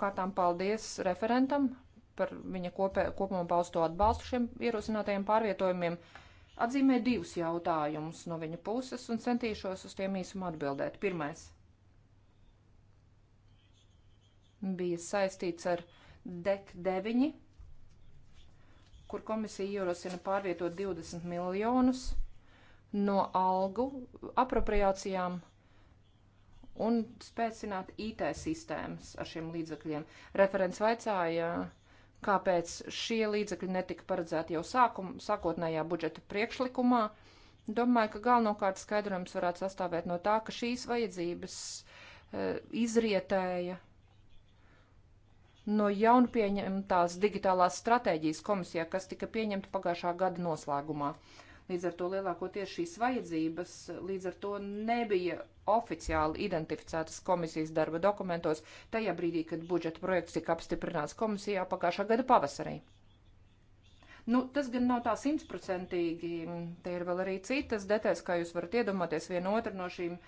kārtām paldies referentam par viņa kopē, kopumā balsto atbalstu šiem ierosinātajiem pārvietojumiem. Atzīmēju divus jautājumus no viņa puses un centīšos uz tiem īsumā atbildēt. Pirmais bija saistīts ar e DEC 9, kur komisija ierosina pārvietot 20 miljonus no algu apropriācijām un spēcināt IT sistēmas ar šiem līdzekļiem. Referents vaicāja, kāpēc šie līdzekļi netika paredzēti jau sākum, sākotnējā budžeta priekšlikumā. Domāju, ka galvenokārt skaidrojums varētu sastāvēt no tā, ka šīs vajadzības e, izrietēja no jaunpieņemtās digitālās stratēģijas komisijā, kas tika pieņemta pagājušā gada noslēgumā. Uh, Līdz ar to lielākoties šīs vajadzības līdz ar to nebija oficiāli identificētas komisijas darba dokumentos tajā brīdī, kad budžeta projekts tika apstiprināts komisijā pagājušā gada pavasarī. Nu, tas gan nav tā simtprocentīgi. Te ir vēl arī citas detaļas, kā jūs varat iedomāties. Viena otra no šīm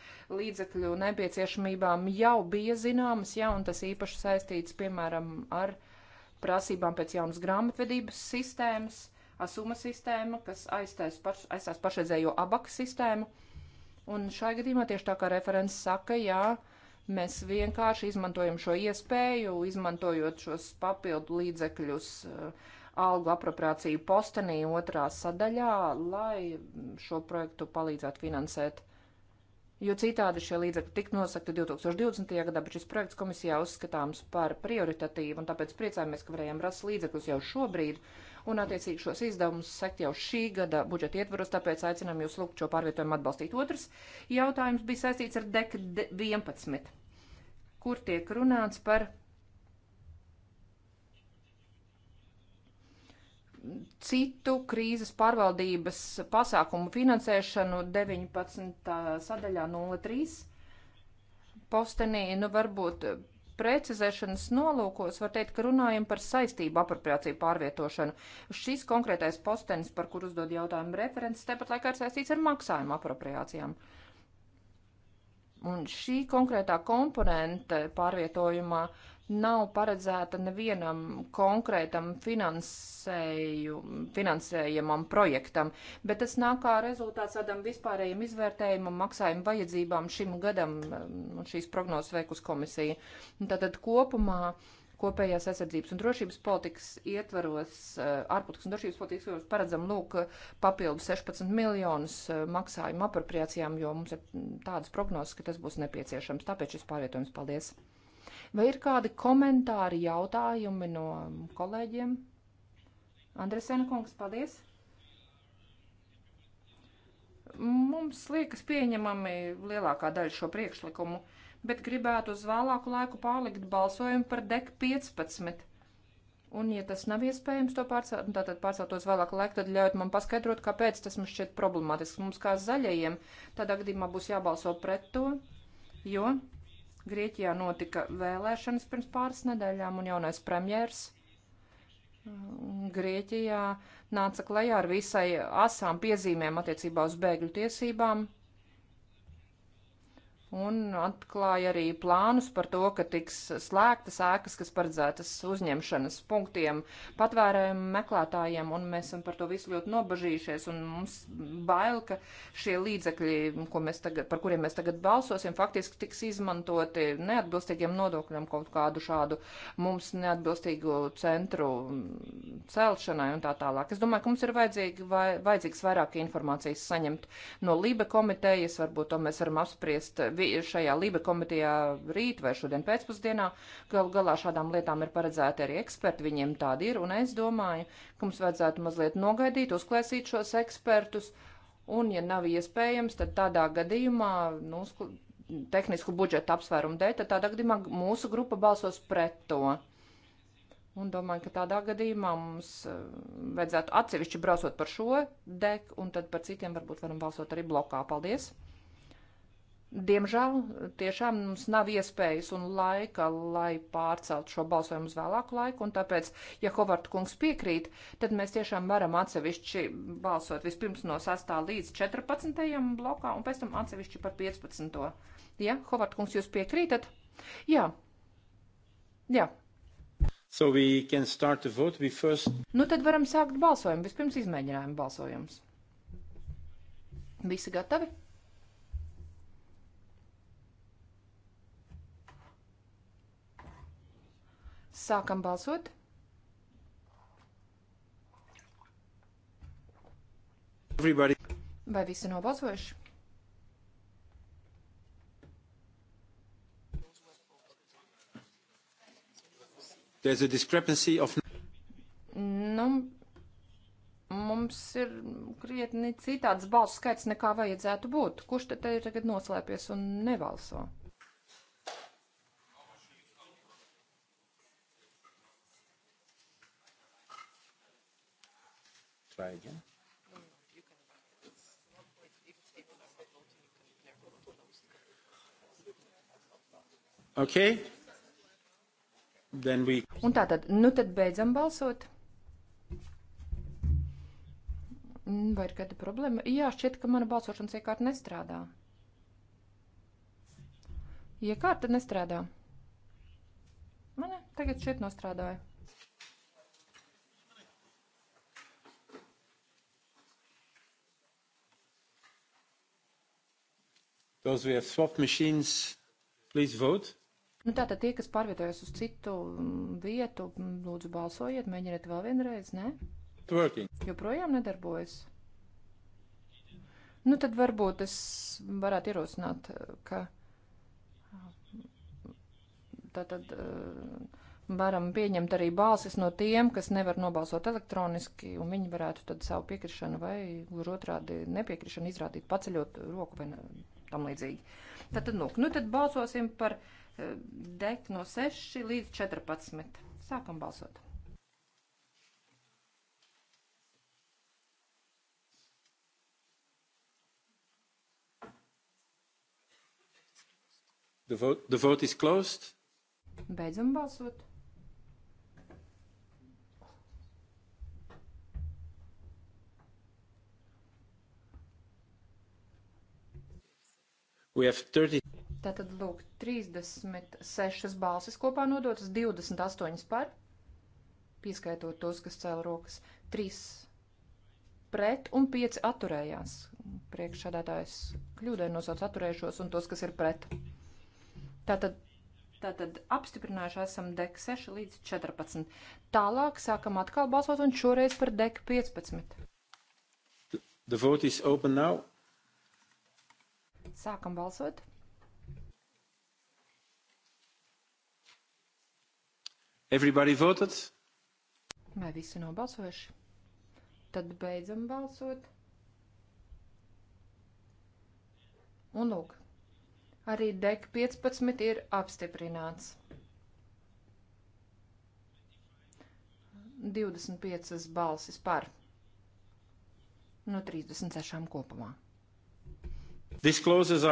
līdzekļu nepieciešamībām jau bija zināmas, jā, un tas īpaši saistīts, piemēram, ar prasībām pēc jaunas grāmatvedības sistēmas asuma sistēma, kas aizstās, paš, aizstās pašreizējo abaks sistēmu. Un šajā gadījumā tieši tā kā referents saka, jā, mēs vienkārši izmantojam šo iespēju, izmantojot šos papildu līdzekļus uh, algu apropriāciju postenī otrā sadaļā, lai šo projektu palīdzētu finansēt. Jo citādi šie līdzekļi tik nosakti 2020. gadā, bet šis projekts komisijā uzskatāms par prioritatīvu, un tāpēc priecājamies, ka varējām rast līdzekļus jau šobrīd, uh, un attiecīgi šos izdevumus sekt jau šī gada budžeta ietvaros, tāpēc aicinām jūs lūgt šo pārvietojumu atbalstīt. Otrs jautājums bija saistīts ar DEK 11, kur tiek runāts par citu krīzes pārvaldības pasākumu finansēšanu 19. sadaļā 03 postenī, nu varbūt precizēšanas nolūkos var teikt, ka runājam par saistību apropriāciju pārvietošanu. Šis konkrētais postenis, par kur uzdod jautājumu referents, tepat laikā ir saistīts ar maksājumu apropriācijām. Un šī konkrētā komponente pārvietojumā uh, nav paredzēta nevienam konkrētam finansējumam projektam, bet tas nāk kā rezultāts tādam vispārējiem izvērtējumam, maksājumu vajadzībām šim gadam um, šīs prognozes veikus komisija. Tātad kopumā kopējās aizsardzības un drošības politikas ietvaros, uh, ārpolitikas un drošības politikas ietvaros paredzam, lūk, papildu 16 miljonus uh, maksājumu apropriācijām, jo mums ir tādas prognozes, ka tas būs nepieciešams. Tāpēc šis pārvietojums. Paldies! Vai ir kādi komentāri, jautājumi no kolēģiem? Andresena kungs, paldies! Mums liekas pieņemami lielākā daļa šo priekšlikumu, bet gribētu uz vēlāku laiku pārlikt balsojumu par DEK 15. Un, ja tas nav iespējams, to pārcelt, nu, tātad pārceltos vēlāk laiku, tad ļaujiet man paskaidrot, kāpēc tas mums šķiet problemātiski. Mums kā zaļajiem tādā gadījumā būs jābalso pret to, jo Grieķijā notika vēlēšanas pirms pāris nedēļām, un jaunais premjers Grieķijā nāca klajā ar visai asām piezīmēm attiecībā uz bēgļu tiesībām un atklāja arī plānus par to, ka tiks slēgtas ēkas, kas paredzētas uzņemšanas punktiem patvērēm meklētājiem, un mēs esam par to visu ļoti nobažījušies, un mums bail, ka šie līdzekļi, tagad, par kuriem mēs tagad balsosim, faktiski tiks izmantoti neatbilstīgiem nodokļiem kaut kādu šādu mums neatbilstīgu centru celšanai un tā tālāk. Es domāju, ka mums ir vajadzīgi, vai, vajadzīgs vairāk informācijas saņemt no Lība komitejas, varbūt to mēs varam apspriest šajā Lība komitejā rīt vai šodien pēcpusdienā. Gal galā šādām lietām ir paredzēti arī eksperti, viņiem tādi ir, un es domāju, ka mums vajadzētu mazliet nogaidīt, uzklāsīt šos ekspertus, un, ja nav iespējams, tad tādā gadījumā, nu, tehnisku budžetu apsvērumu dēļ, tad tādā gadījumā mūsu grupa balsos pret to. Un domāju, ka tādā gadījumā mums eh, vajadzētu atsevišķi braucot par šo deku, un tad par citiem varbūt varam balsot arī blokā. Paldies! Diemžēl tiešām mums nav iespējas un laika, lai pārcelt šo balsojumu uz vēlāku laiku, un tāpēc, ja Hovarta kungs piekrīt, tad mēs tiešām varam atsevišķi balsot vispirms no 6. līdz 14. blokā, un pēc tam atsevišķi par 15. Ja, Hovarta kungs, jūs piekrītat? Jā. Jā. So we can start the vote. We first... Nu tad varam sākt balsojumu. Vispirms izmēģinājumu balsojums. Visi gatavi? Sākam balsot. Everybody. Vai visi nobalsojuši? There's a discrepancy of... Nu, mums ir krietni citāds balsu skaits nekā vajadzētu būt. Kurš tad ir tagad noslēpies un nebalso? try again? Okay. Then we... Un tā tad, nu tad beidzam balsot. Mm, vai ir kāda problēma? Jā, šķiet, ka mana balsošanas iekārta nestrādā. Iekārta nestrādā. Mane tagad šeit nostrādāja. Those who have swapped machines, please vote. Nu, tātad tie, kas pārvietojas uz citu mm, vietu, mm, lūdzu balsojiet, mēģiniet vēl vienreiz, ne? Joprojām nedarbojas. Nu, tad varbūt es varētu ierosināt, eh, ka tātad eh, varam pieņemt arī balsis no tiem, kas nevar nobalsot elektroniski, un viņi varētu tad savu piekrišanu vai, gluži otrādi, nepiekrišanu izrādīt, paceļot roku vai ne, tam līdzīgi. Tad, tad, lūk, nu tad balsosim par eh, dek no 6 līdz 14. Sākam balsot. The vote, the vote is closed. Beidzam balsot. Tātad, lūk, 36 balsis kopā nodotas, 28 par, pieskaitot tos, kas cēla rokas, 3 pret un 5 atturējās. Priekšsādātājs kļūdē nosauc atturējušos un tos, kas ir pret. Tātad, tātad apstiprinājuši esam dek 6 līdz 14. Tālāk sākam atkal balsot un šoreiz par dek 15. The vote is open now grozīts. Sākam balsot. Everybody voted? Vai visi nobalsojuši? Tad beidzam balsot. Un lūk, arī dek 15 ir apstiprināts. 25 balsis par no 36 kopumā. Līdz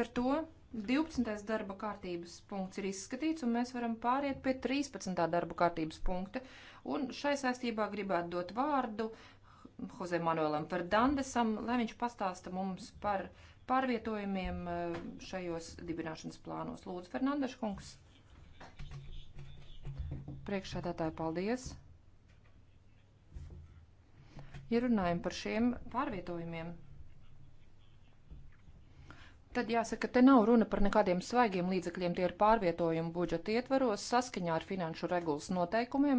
ar to 12. darba kārtības punkts ir izskatīts, un mēs varam pāriet pie 13. darba kārtības punkta. Un šai saistībā gribētu dot vārdu Jose Manuelam Fernandesam, lai viņš pastāsta mums par pārvietojumiem eh, šajos dibināšanas plānos. Lūdzu, Fernandeša kungs. Priekšādātāji, paldies. Ja runājam par šiem pārvietojumiem, Tad jāsaka, te nav runa par nekādiem svaigiem līdzekļiem, tie ir pārvietojumi budžeta ietvaros saskaņā ar finanšu regulas noteikumiem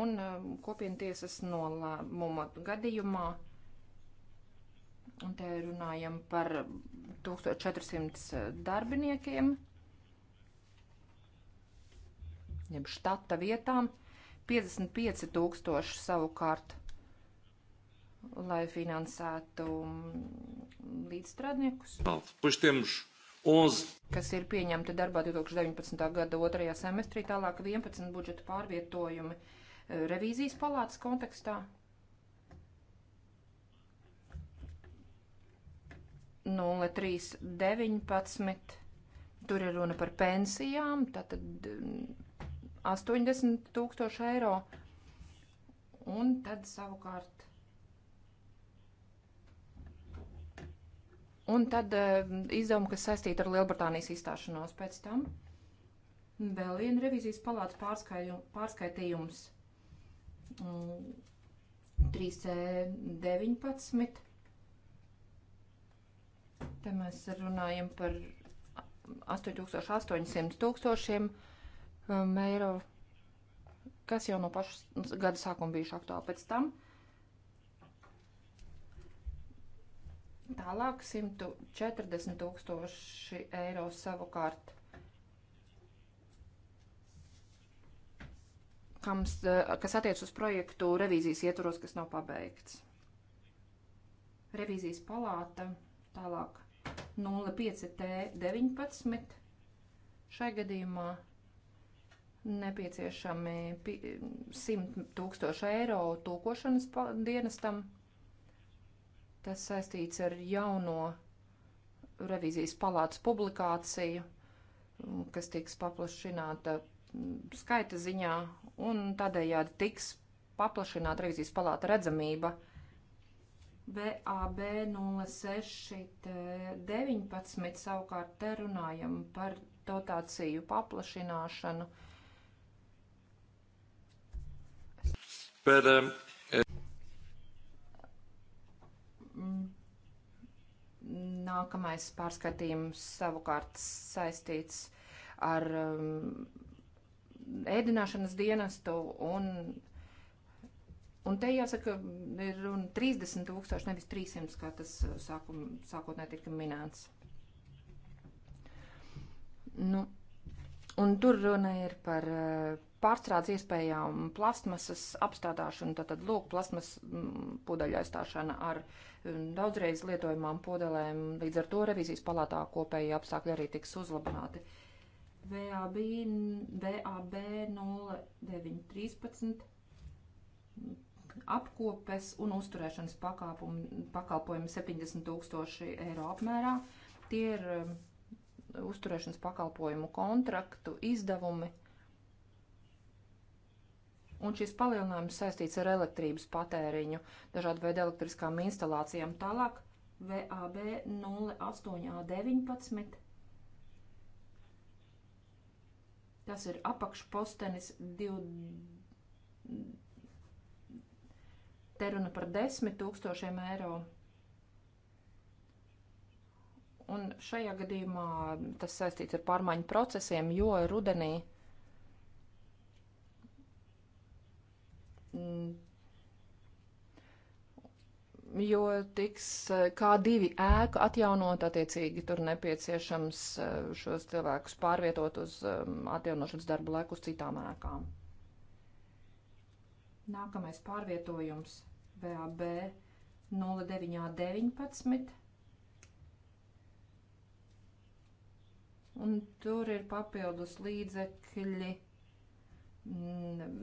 un um, kopientiesas nolēmuma gadījumā. Un te runājam par 1400 darbiniekiem, jeb štata vietām, 55 tūkstoši savukārt lai finansētu līdzstrādniekus. Pēc tiems uz. Kas ir pieņemti darbā 2019. gada otrajā semestrī, tālāk 11 budžeta pārvietojumi eh, revīzijas palātas kontekstā. Nulle 3, 19. Tur ir runa par pensijām, tātad 80 mm, tūkstoši eiro. Un tad savukārt Un tad eh, izdevumi, kas saistīti ar Lielbritānijas izstāšanos pēc tam. Vēl viena revizijas palātas pārskaitījums 3C19. Mm, Te mēs runājam par 8800 tūkstošiem um, eiro, kas jau no paša gada sākuma bijuši aktuāli pēc tam. Uh, Tālāk 140 tūkstoši eiro savukārt. Kams, eh, kas attiec uz projektu revīzijas ietvaros, kas nav pabeigts. Revīzijas palāta tālāk 05T19 šai gadījumā nepieciešami 100 tūkstoši eiro tūkošanas dienestam. Tas saistīts ar jauno revīzijas palātas publikāciju, kas tiks paplašināta skaita ziņā, un tādējādi tiks paplašināta revīzijas palāta redzamība. VAB 0619 savukārt te runājam par dotāciju paplašināšanu. But, um... Nākamais pārskatījums savukārt saistīts ar um, ēdināšanas dienestu un, un te jāsaka, ir un 30 tūkstoši, nevis 300, kā tas uh, sākum, sākotnē tika minēts. Nu, un tur runa ir par uh, pārstrādes iespējām, plasmasas apstrādāšanu, tātad lūk, plasmas mm, pudeļa aizstāšana ar mm, daudzreiz lietojumām pudelēm, līdz ar to revizijas palātā kopēji apstākļi arī tiks uzlabināti. VAB, VAB 0913 apkopes un uzturēšanas pakalpojumi 70 tūkstoši eiro apmērā. Tie ir mm, uzturēšanas pakalpojumu kontraktu izdevumi 0,0 un šis palielinājums saistīts ar elektrības patēriņu, dažādu veidu elektriskām instalācijām. Tālāk VAB 08A19. Tas ir apakšpostenis 2. Te runa par 10 tūkstošiem eiro. Un šajā gadījumā tas saistīts ar pārmaiņu procesiem, jo rudenī Mm. jo tiks eh, kā divi ēka atjaunot, attiecīgi tur nepieciešams eh, šos cilvēkus pārvietot uz eh, atjaunošanas darbu laiku uz citām ēkām. Nākamais pārvietojums VAB 0919. Un tur ir papildus līdzekļi. Mm,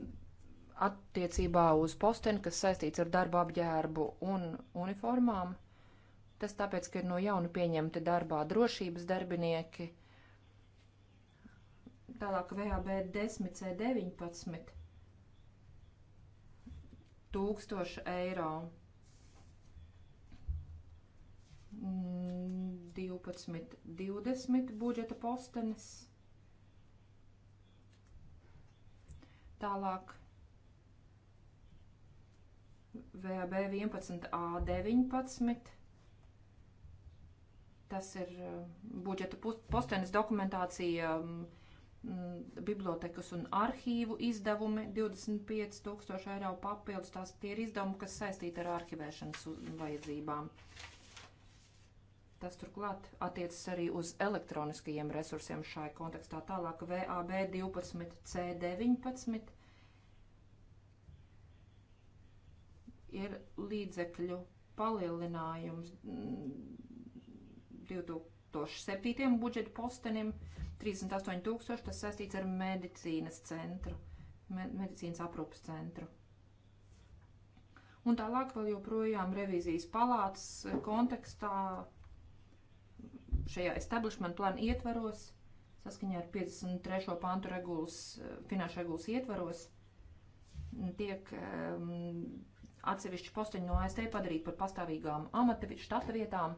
attiecībā uz posteni, kas saistīts ar darba apģērbu un uniformām. Tas tāpēc, ka ir no jauna pieņemti darbā drošības darbinieki. Tālāk VAB 10 C19 1000 eiro. 12, mm, 20 budžeta postenis. Tālāk VAB 11A19. Tas ir eh, budžeta postenes dokumentācija, mm, mm, bibliotekas un arhīvu izdevumi 25 tūkstoši eiro papildus. Tās tie ir izdevumi, kas saistīti ar arhivēšanas vajadzībām. Tas turklāt attiecas arī uz elektroniskajiem resursiem šai kontekstā. Tālāk VAB 12C19 ir līdzekļu palielinājums 2007. budžeta postenim 38 tūkstoši, tas saistīts ar medicīnas centru, medicīnas aprūpas centru. Un tālāk vēl joprojām revīzijas palātas kontekstā šajā establishment plāna ietvaros, saskaņā ar 53. pantu regulas, finanšu regulas ietvaros, tiek um, atsevišķu posteņu no ASV padarīt par pastāvīgām amata štata vietām.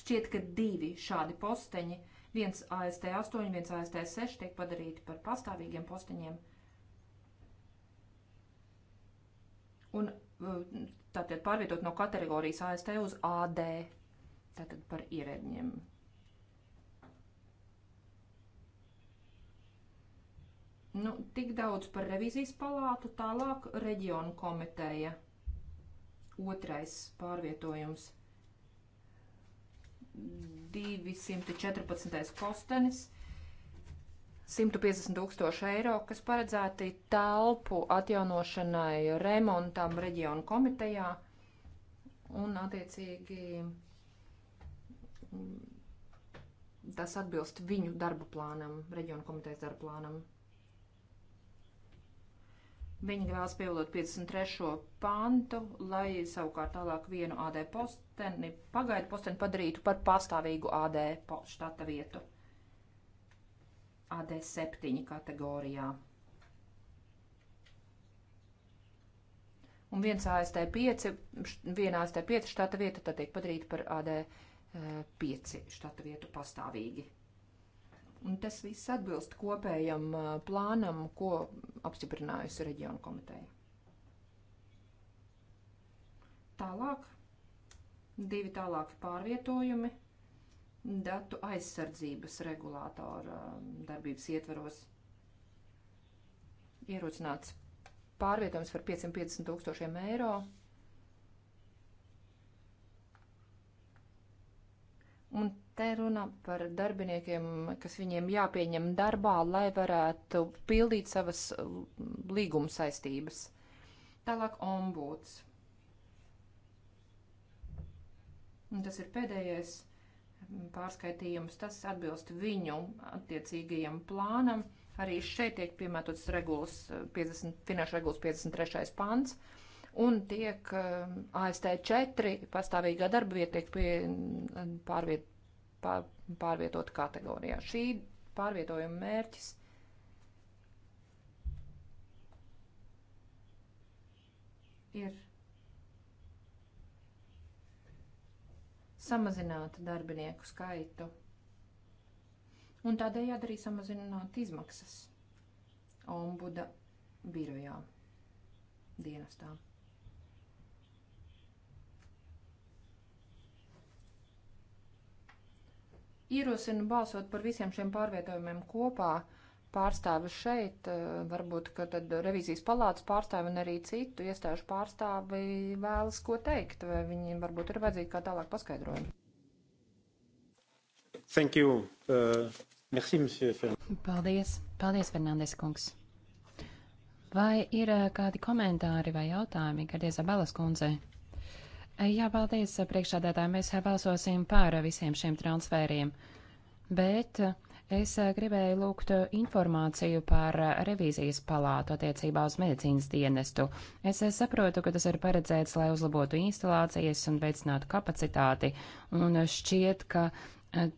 Šķiet, ka divi šādi posteņi, viens AST 8, viens AST 6, tiek padarīti par pastāvīgiem posteņiem. Un eh, tātad pārvietot no kategorijas AST uz AD, tātad par ierēdņiem Nu, tik daudz par revizijas palātu, tālāk reģionu komiteja. Otrais pārvietojums. 214. kostenis. 150 tūkstoši eiro, kas paredzēti telpu atjaunošanai, remontam reģionu komitejā un attiecīgi tas atbilst viņu darba plānam, reģionu komitejas darba plānam. Viņi vēlas pievilkt 53. pantu, lai savukārt tālāk vienu AD posteni, pagaidu posteni padarītu par pastāvīgu AD štata vietu. AD 7 kategorijā. Un viens AST 5, viena AST 5 štata vieta tad tiek padarīta par AD 5 eh, štata vietu pastāvīgi. Un tas viss atbilst kopējam plānam, ko apstiprinājusi reģionu komiteja. Tālāk, divi tālāki pārvietojumi datu aizsardzības regulātora darbības ietveros. Ierocināts pārvietojums par 550 tūkstošiem eiro. Un Te runā par darbiniekiem, kas viņiem jāpieņem darbā, lai varētu pildīt savas līguma saistības. Tālāk ombuds. Un tas ir pēdējais pārskaitījums. Tas atbilst viņu attiecīgajam plānam. Arī šeit tiek piemērots regulas 50, eh, finanšu regulas 53. pants un tiek eh, AST 4 pastāvīgā darba vieta tiek pie, pārviet, pārvietota kategorijā. Šī pārvietojuma mērķis ir samazināt darbinieku skaitu un tādējādi arī samazināt izmaksas ombuda birojā dienestām. Ierosinu balsot par visiem šiem pārvietojumiem kopā pārstāvi šeit, eh, varbūt, ka tad revīzijas palātas pārstāvi un arī citu iestāžu pārstāvi vēlas ko teikt, vai viņiem varbūt ir vajadzīgi kā tālāk paskaidrojumi. Thank you. Uh, merci, monsieur Fernandes. Paldies. Paldies, Fernandes kungs. Vai ir eh, kādi komentāri vai jautājumi, kad Iezabelas kundzei? Jā, paldies, priekšādātāji. Mēs balsosim par visiem šiem transfēriem. Bet es gribēju lūgt informāciju par revīzijas palātu attiecībā uz medicīnas dienestu. Es saprotu, ka tas ir paredzēts, lai uzlabotu instalācijas un veicinātu kapacitāti, un šķiet, ka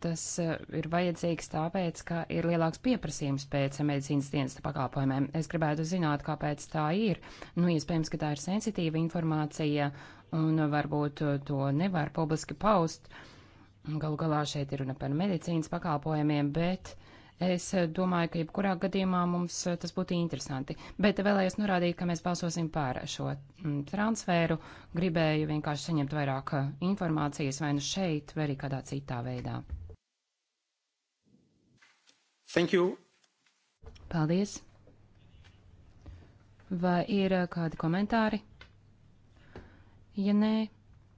Tas eh, ir vajadzīgs tāpēc, ka ir lielāks pieprasījums pēc medicīnas dienesta pakalpojumiem. Es gribētu zināt, kāpēc tā ir. Nu, iespējams, ka tā ir sensitīva informācija un varbūt to nevar publiski paust. Galu galā šeit ir runa par medicīnas pakalpojumiem, bet uh, Es eh, domāju, ka jebkurā gadījumā mums eh, tas būtu interesanti. Bet vēlējos norādīt, ka mēs balsosim pār šo mm, transferu. Gribēju vienkārši saņemt vairāk eh, informācijas vai nu šeit, vai arī kādā citā veidā. Thank you. Paldies. Vai ir kādi komentāri? Ja nē,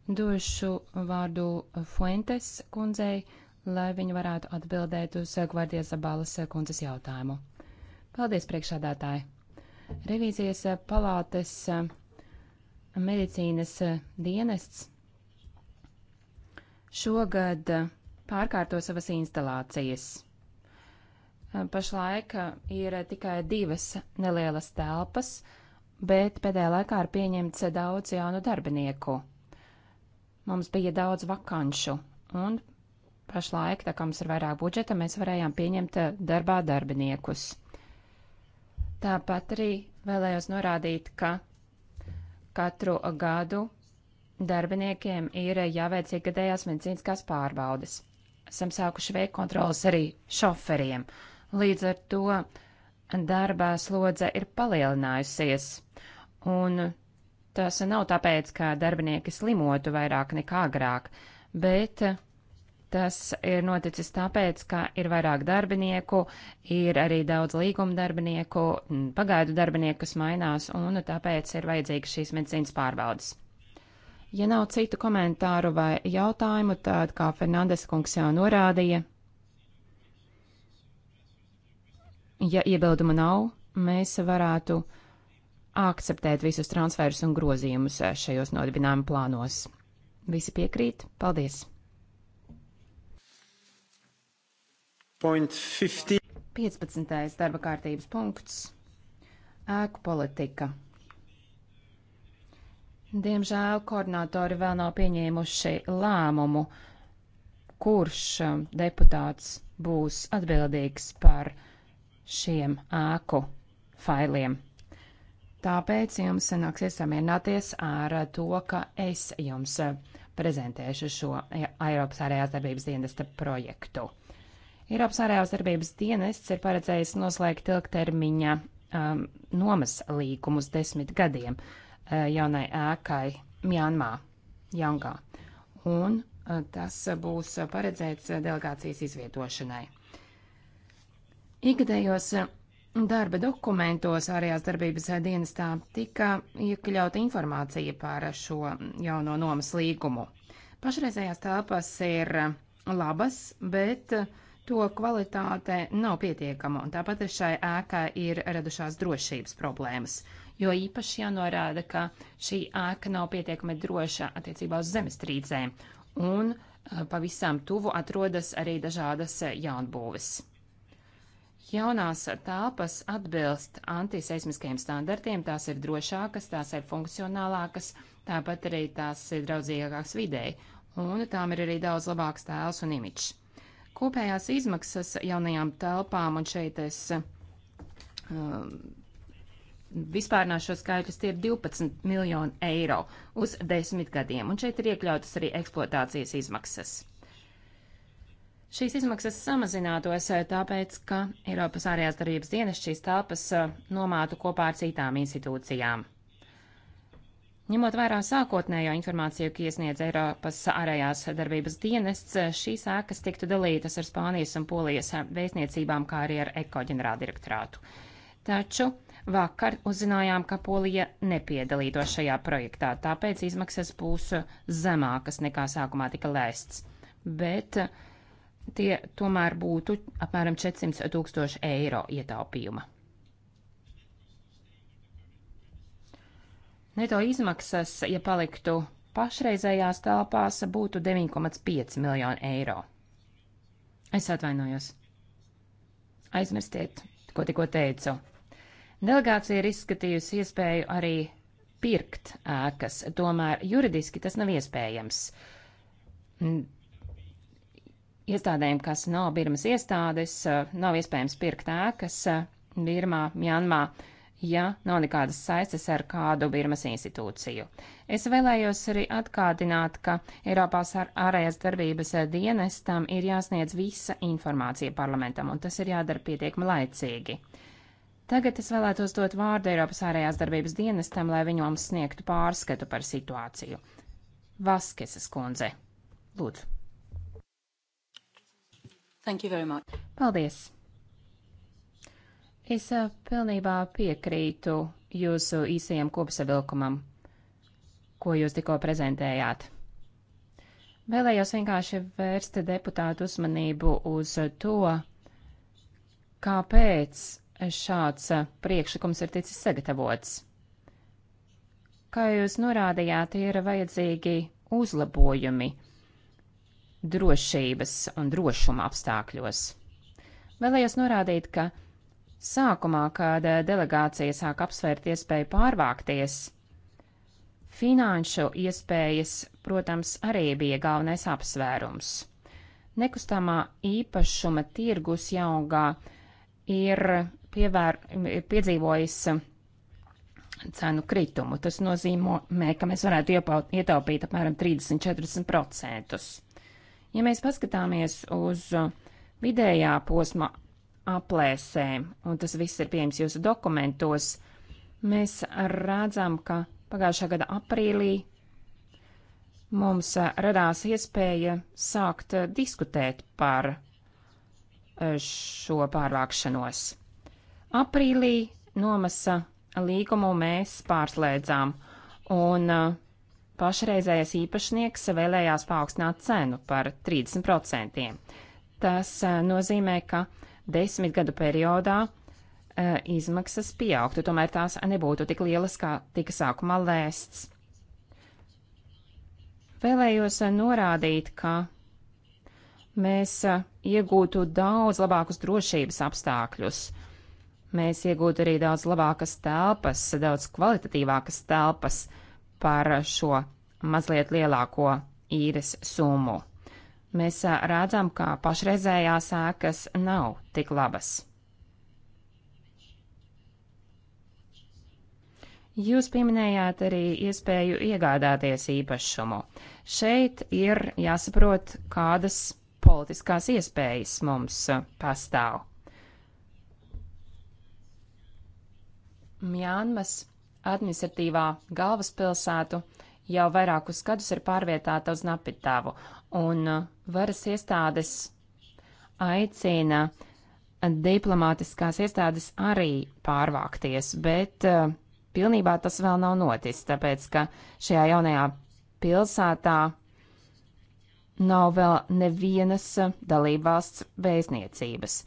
došu vārdu Fuentes kundzei lai viņi varētu atbildēt uz Gvardijas Zabalas kundzes jautājumu. Paldies, priekšādātāji! Revīzijas palātes eh, medicīnas eh, dienests šogad eh, pārkārto savas instalācijas. Pašlaik ir tikai divas nelielas telpas, bet pēdējā laikā ir pieņemts daudz jaunu darbinieku. Mums bija daudz vakanšu, un Pašlaik, tā kā mums ir vairāk budžeta, mēs varējām pieņemt eh, darbā darbiniekus. Tāpat arī vēlējos norādīt, ka katru gadu darbiniekiem ir jāveic ikgadējās medicīniskās pārbaudes. Esam sākuši veikt kontrolas arī šoferiem. Līdz ar to darbā slodze ir palielinājusies. Un tas nav tāpēc, ka darbinieki slimotu vairāk nekā agrāk, bet Tas ir noticis tāpēc, ka ir vairāk darbinieku, ir arī daudz līguma darbinieku, pagaidu darbinieku, kas mainās, un tāpēc ir vajadzīgas šīs medicīnas pārbaudas. Ja nav citu komentāru vai jautājumu, tad, kā Fernandes kungs jau norādīja, ja iebildumu nav, mēs varētu akceptēt visus transferus un grozījumus šajos nodibinājuma plānos. Visi piekrīt? Paldies! 15. darba kārtības punkts - ēku politika. Diemžēl koordinatori vēl nav pieņēmuši lēmumu, kurš um, deputāts būs atbildīgs par šiem ēku failiem. Tāpēc jums nāksies samierināties ar to, ka es jums prezentēšu šo Eiropas ārējās darbības dienesta projektu. Eiropas ārējās darbības dienests ir paredzējis noslēgt ilgtermiņa um, nomas līgumus desmit gadiem uh, jaunai ēkai Mjanmā, Jangā. Un uh, tas būs paredzēts delegācijas izvietošanai. Ikgadējos uh, darba dokumentos ārējās darbības dienestā tika iekļauta informācija par šo jauno nomas līgumu. Pašreizējās telpas ir labas, bet uh, to kvalitāte nav pietiekama, un tāpat ar šai ēkai ir radušās drošības problēmas, jo īpaši jānorāda, ka šī ēka nav pietiekami droša attiecībā uz zemestrīcēm, un eh, pavisam tuvu atrodas arī dažādas eh, jaunbūves. Jaunās telpas atbilst antiseismiskajiem standartiem, tās ir drošākas, tās ir funkcionālākas, tāpat arī tās ir draudzīgākas videi, un tām ir arī daudz labāks tēls un imičs. Kopējās izmaksas jaunajām telpām, un šeit es um, vispārnāšo skaitļus, tie ir 12 miljoni eiro uz desmit gadiem, un šeit ir iekļautas arī eksploatācijas izmaksas. Šīs izmaksas samazinātos eh, tāpēc, ka Eiropas ārējās darbības dienas šīs telpas eh, nomātu kopā ar citām institūcijām. Ņemot vērā sākotnējo informāciju, ko iesniedz Eiropas ārējās darbības dienests, šīs ēkas tiktu dalītas ar Spānijas un Polijas vēstniecībām, kā arī ar Eko ģenerāldirektorātu. Taču vakar uzzinājām, ka Polija nepiedalītos šajā projektā, tāpēc izmaksas būs zemākas nekā sākumā tika lēsts. Bet tie tomēr būtu apmēram 400 tūkstoši eiro ietaupījuma. Neto izmaksas, ja paliktu pašreizējās telpās, būtu 9,5 miljoni eiro. Es atvainojos. Aizmirstiet, ko tikko teicu. Delegācija ir izskatījusi iespēju arī pirkt ēkas, tomēr juridiski tas nav iespējams. Iestādēm, kas nav Birmas iestādes, nav iespējams pirkt ēkas Birmā, Mjanmā ja nav nekādas saistes ar kādu Birmas institūciju. Es vēlējos arī atkārtināt, ka Eiropās ar ārējās darbības dienestam ir jāsniedz visa informācija parlamentam, un tas ir jādara pietiekami laicīgi. Tagad es vēlētos dot vārdu Eiropas ārējās darbības dienestam, lai viņi mums sniegtu pārskatu par situāciju. Vaskeses kundze, lūdzu. Thank you very much. Paldies! Es pilnībā piekrītu jūsu īsajam kopsavilkumam, ko jūs tikko prezentējāt. Vēlējos vienkārši vērst deputātu uzmanību uz to, kāpēc šāds priekšlikums ir ticis sagatavots. Kā jūs norādījāt, ir vajadzīgi uzlabojumi drošības un drošuma apstākļos. Vēlējos norādīt, ka Sākumā, kad eh, delegācija sāk apsvērt iespēju pārvākties, finanšu iespējas, protams, arī bija galvenais apsvērums. Nekustamā īpašuma tirgus jaungā ir, pievēr, ir piedzīvojis cenu kritumu. Tas nozīmē, ka mēs varētu iepaut, ietaupīt apmēram 30-40%. Ja mēs paskatāmies uz vidējā posma aplēsēm, un tas viss ir pieejams jūsu dokumentos, mēs redzam, ka pagājušā gada aprīlī mums radās iespēja sākt diskutēt par e, šo pārvākšanos. Aprīlī nomasa līgumu mēs pārslēdzām, un e, pašreizējais īpašnieks vēlējās paaugstināt cenu par 30%. Tas e, nozīmē, ka uh, desmitgadu periodā eh, izmaksas pieaugtu, tomēr tās nebūtu tik lielas, kā tika sākumā lēsts. Vēlējos eh, norādīt, ka mēs eh, iegūtu daudz labākus drošības apstākļus. Mēs iegūtu arī daudz labākas telpas, daudz kvalitatīvākas telpas par šo mazliet lielāko īres summu mēs redzam, ka pašreizējās ēkas nav tik labas. Jūs pieminējāt arī iespēju iegādāties īpašumu. Šeit ir jāsaprot, kādas politiskās iespējas mums pastāv. Mjānmas administratīvā galvaspilsētu jau vairākus gadus ir pārvietāta uz Napitāvu, un uh, varas iestādes aicina diplomātiskās iestādes arī pārvākties, bet uh, pilnībā tas vēl nav noticis, tāpēc ka šajā jaunajā pilsētā nav vēl nevienas uh, dalībvalsts vēstniecības.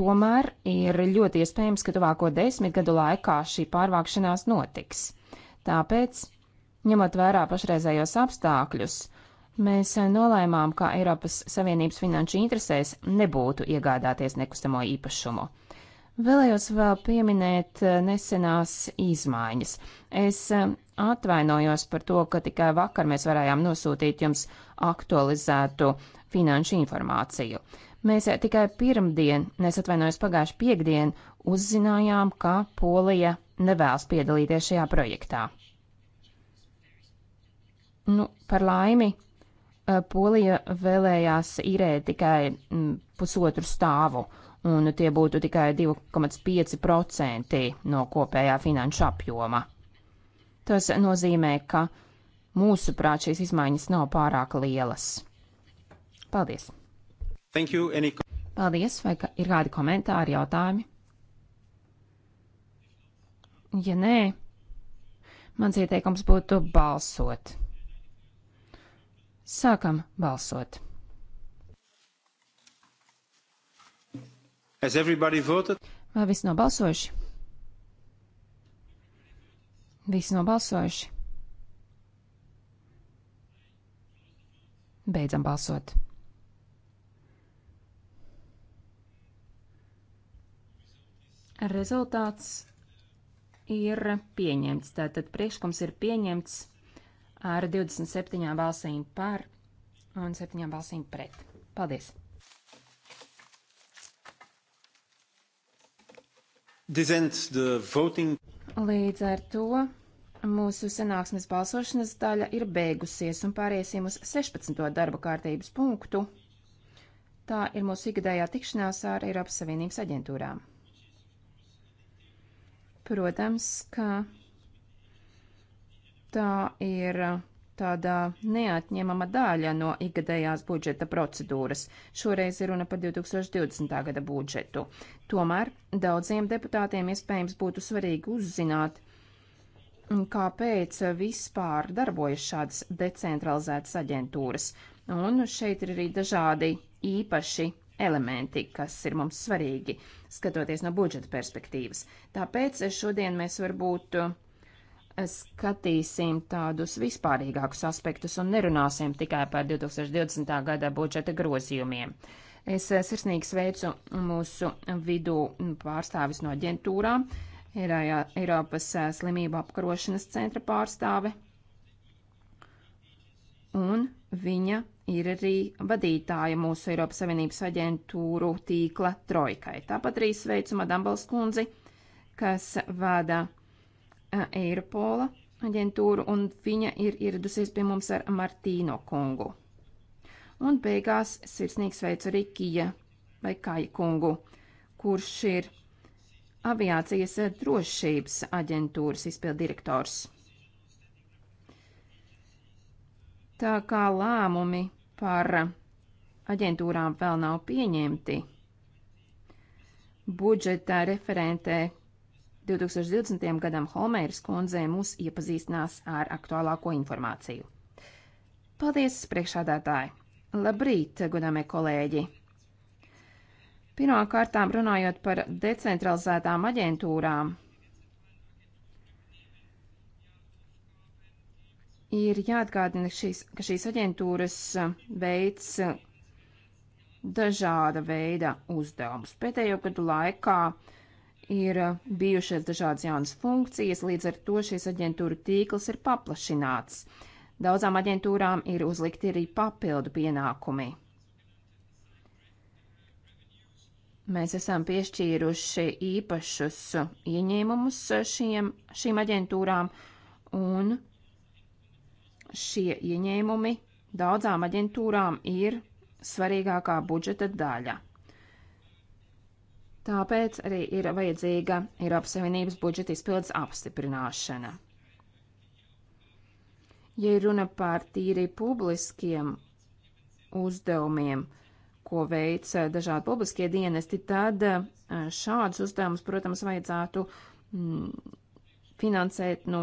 Tomēr ir ļoti iespējams, ka tuvāko desmit gadu laikā šī pārvākšanās notiks. Tāpēc, ņemot vērā pašreizējos apstākļus, Mēs eh, nolēmām, ka Eiropas Savienības finanšu interesēs nebūtu iegādāties nekustamo īpašumu. Vēlējos vēl pieminēt eh, nesenās izmaiņas. Es eh, atvainojos par to, ka tikai vakar mēs varējām nosūtīt jums aktualizētu finanšu informāciju. Mēs tikai pirmdien, nes atvainojos pagājuši piekdien, uzzinājām, ka Polija nevēlas piedalīties šajā projektā. Nu, par laimi, Eh, Polija vēlējās īrēt tikai mm, pusotru stāvu, un tie būtu tikai 2,5% no kopējā finanšu apjoma. Tas nozīmē, ka mūsuprāt šīs izmaiņas nav pārāk lielas. Paldies! Thank you, any... Paldies, vai ka ir kādi komentāri, jautājumi? Ja nē, mans ieteikums būtu balsot. Sākam balsot. Vai viss nobalsojuši? Visi nobalsojuši. Beidzam balsot. Rezultāts ir pieņemts. Tātad priekšlikums ir pieņemts ar 27 balsīm par un 7 balsīm pret. Paldies! Līdz ar to mūsu sanāksmes balsošanas daļa ir beigusies un pāriesim uz 16. darba kārtības punktu. Tā ir mūsu ikgadējā tikšanās ar Eiropas Savienības aģentūrām. Protams, ka tā ir uh, tāda neatņemama daļa no ikgadējās budžeta procedūras. Šoreiz ir runa par 2020. gada budžetu. Tomēr daudziem deputātiem iespējams būtu svarīgi uzzināt, mm, kāpēc vispār darbojas šādas decentralizētas aģentūras. Un šeit ir arī dažādi īpaši elementi, kas ir mums svarīgi, skatoties no budžeta perspektīvas. Tāpēc šodien mēs varbūt uh, skatīsim tādus vispārīgākus aspektus un nerunāsim tikai par 2020. gada budžeta grozījumiem. Es eh, sirsnīgi sveicu mūsu vidū pārstāvis no aģentūrām, ir Eiropas eh, slimību apkarošanas centra pārstāve, un viņa ir arī vadītāja mūsu Eiropas Savienības aģentūru tīkla trojkai. Tāpat arī sveicu Madambals kundzi, kas vada uh, Eiropola aģentūru, un viņa ir ieradusies pie mums ar Martīno kungu. Un beigās sirsnīgs veicu arī Kija vai Kaja kungu, kurš ir aviācijas drošības aģentūras izpildirektors. Tā kā lēmumi par aģentūrām vēl nav pieņemti, budžeta referentē 2020. gadam Holmēras kundzē mūs iepazīstinās ar aktuālāko informāciju. Paldies, priekšādātāji! Labrīt, godāmie kolēģi! Pirmkārtām runājot par decentralizētām aģentūrām, ir jāatgādina, šīs, ka šīs aģentūras veids dažāda veida uzdevumus. Pēdējo gadu laikā uh, ir uh, bijušas dažādas jaunas funkcijas, līdz ar to šīs aģentūra tīkls ir paplašināts. Daudzām aģentūrām ir uzlikti arī papildu pienākumi. Mēs esam piešķīruši īpašus ieņēmumus šiem, šīm aģentūrām, un šie ieņēmumi daudzām aģentūrām ir svarīgākā budžeta daļa. Tāpēc arī ir vajadzīga Eiropas Savienības budžeta izpildes apstiprināšana. Ja runa par tīri publiskiem uzdevumiem, ko veic eh, dažādi publiskie dienesti, tad eh, šādus uzdevumus, protams, vajadzētu mm, finansēt no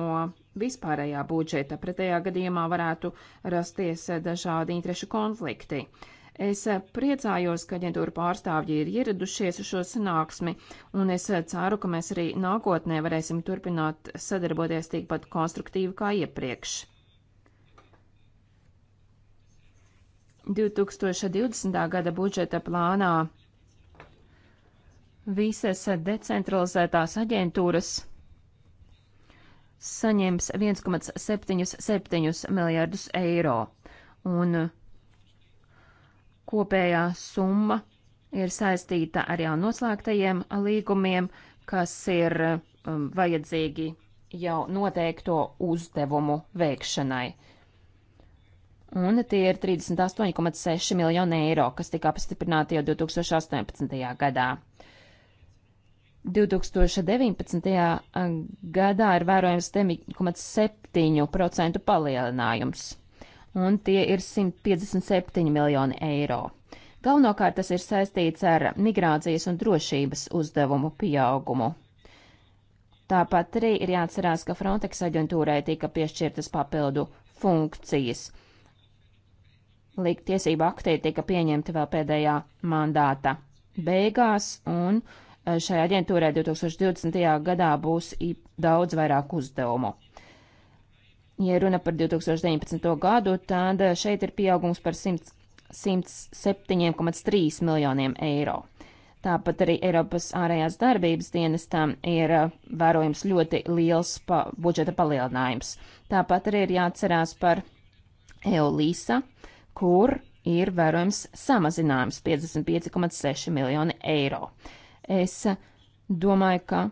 vispārējā budžeta. Pretējā gadījumā varētu rasties eh, dažādi interešu konflikti. Uh, Es eh, priecājos, ka aģentūra pārstāvji ir ieradušies uz šo sanāksmi, un es eh, ceru, ka mēs arī nākotnē varēsim turpināt sadarboties tikpat konstruktīvi kā iepriekš. 2020. gada budžeta plānā visas decentralizētās aģentūras saņems 1,77 miljardus eiro, un Kopējā summa ir saistīta ar jau noslēgtajiem līgumiem, kas ir um, vajadzīgi jau noteikto uzdevumu veikšanai. Un tie ir 38,6 miljoni eiro, kas tika apstiprināti jau 2018. gadā. 2019. Uh, gadā ir vērojams 7,7% palielinājums un tie ir 157 miljoni eiro. Galvenokārt tas ir saistīts ar migrācijas un drošības uzdevumu pieaugumu. Tāpat arī ir jāatcerās, ka Frontex aģentūrai tika piešķirtas papildu funkcijas. Līga tiesība aktī tika pieņemta vēl pēdējā mandāta beigās, un eh, šai aģentūrai 2020. gadā būs daudz vairāk uzdevumu. Ja runa par 2019. gadu, tad šeit ir pieaugums par 107,3 miljoniem eiro. Tāpat arī Eiropas ārējās darbības dienestam ir uh, vērojams ļoti liels pa budžeta palielinājums. Tāpat arī ir jāatcerās par EOLISA, kur ir vērojams samazinājums 55,6 miljoni eiro. Es uh, domāju, ka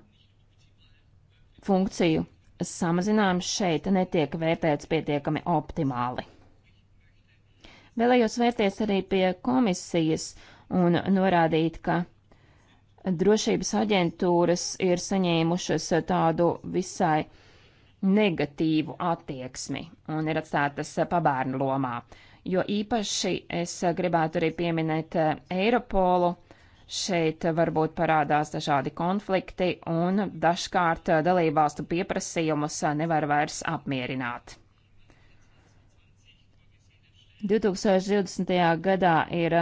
funkciju samazinājums šeit netiek vērtēts pietiekami optimāli. Vēlējos vērties arī pie komisijas un norādīt, ka drošības aģentūras ir saņēmušas tādu visai negatīvu attieksmi un ir atstātas pabērnu lomā. Jo īpaši es gribētu arī pieminēt Eiropolu Šeit varbūt parādās dažādi konflikti un dažkārt dalībvalstu pieprasījumus nevar vairs apmierināt. 2020. gadā ir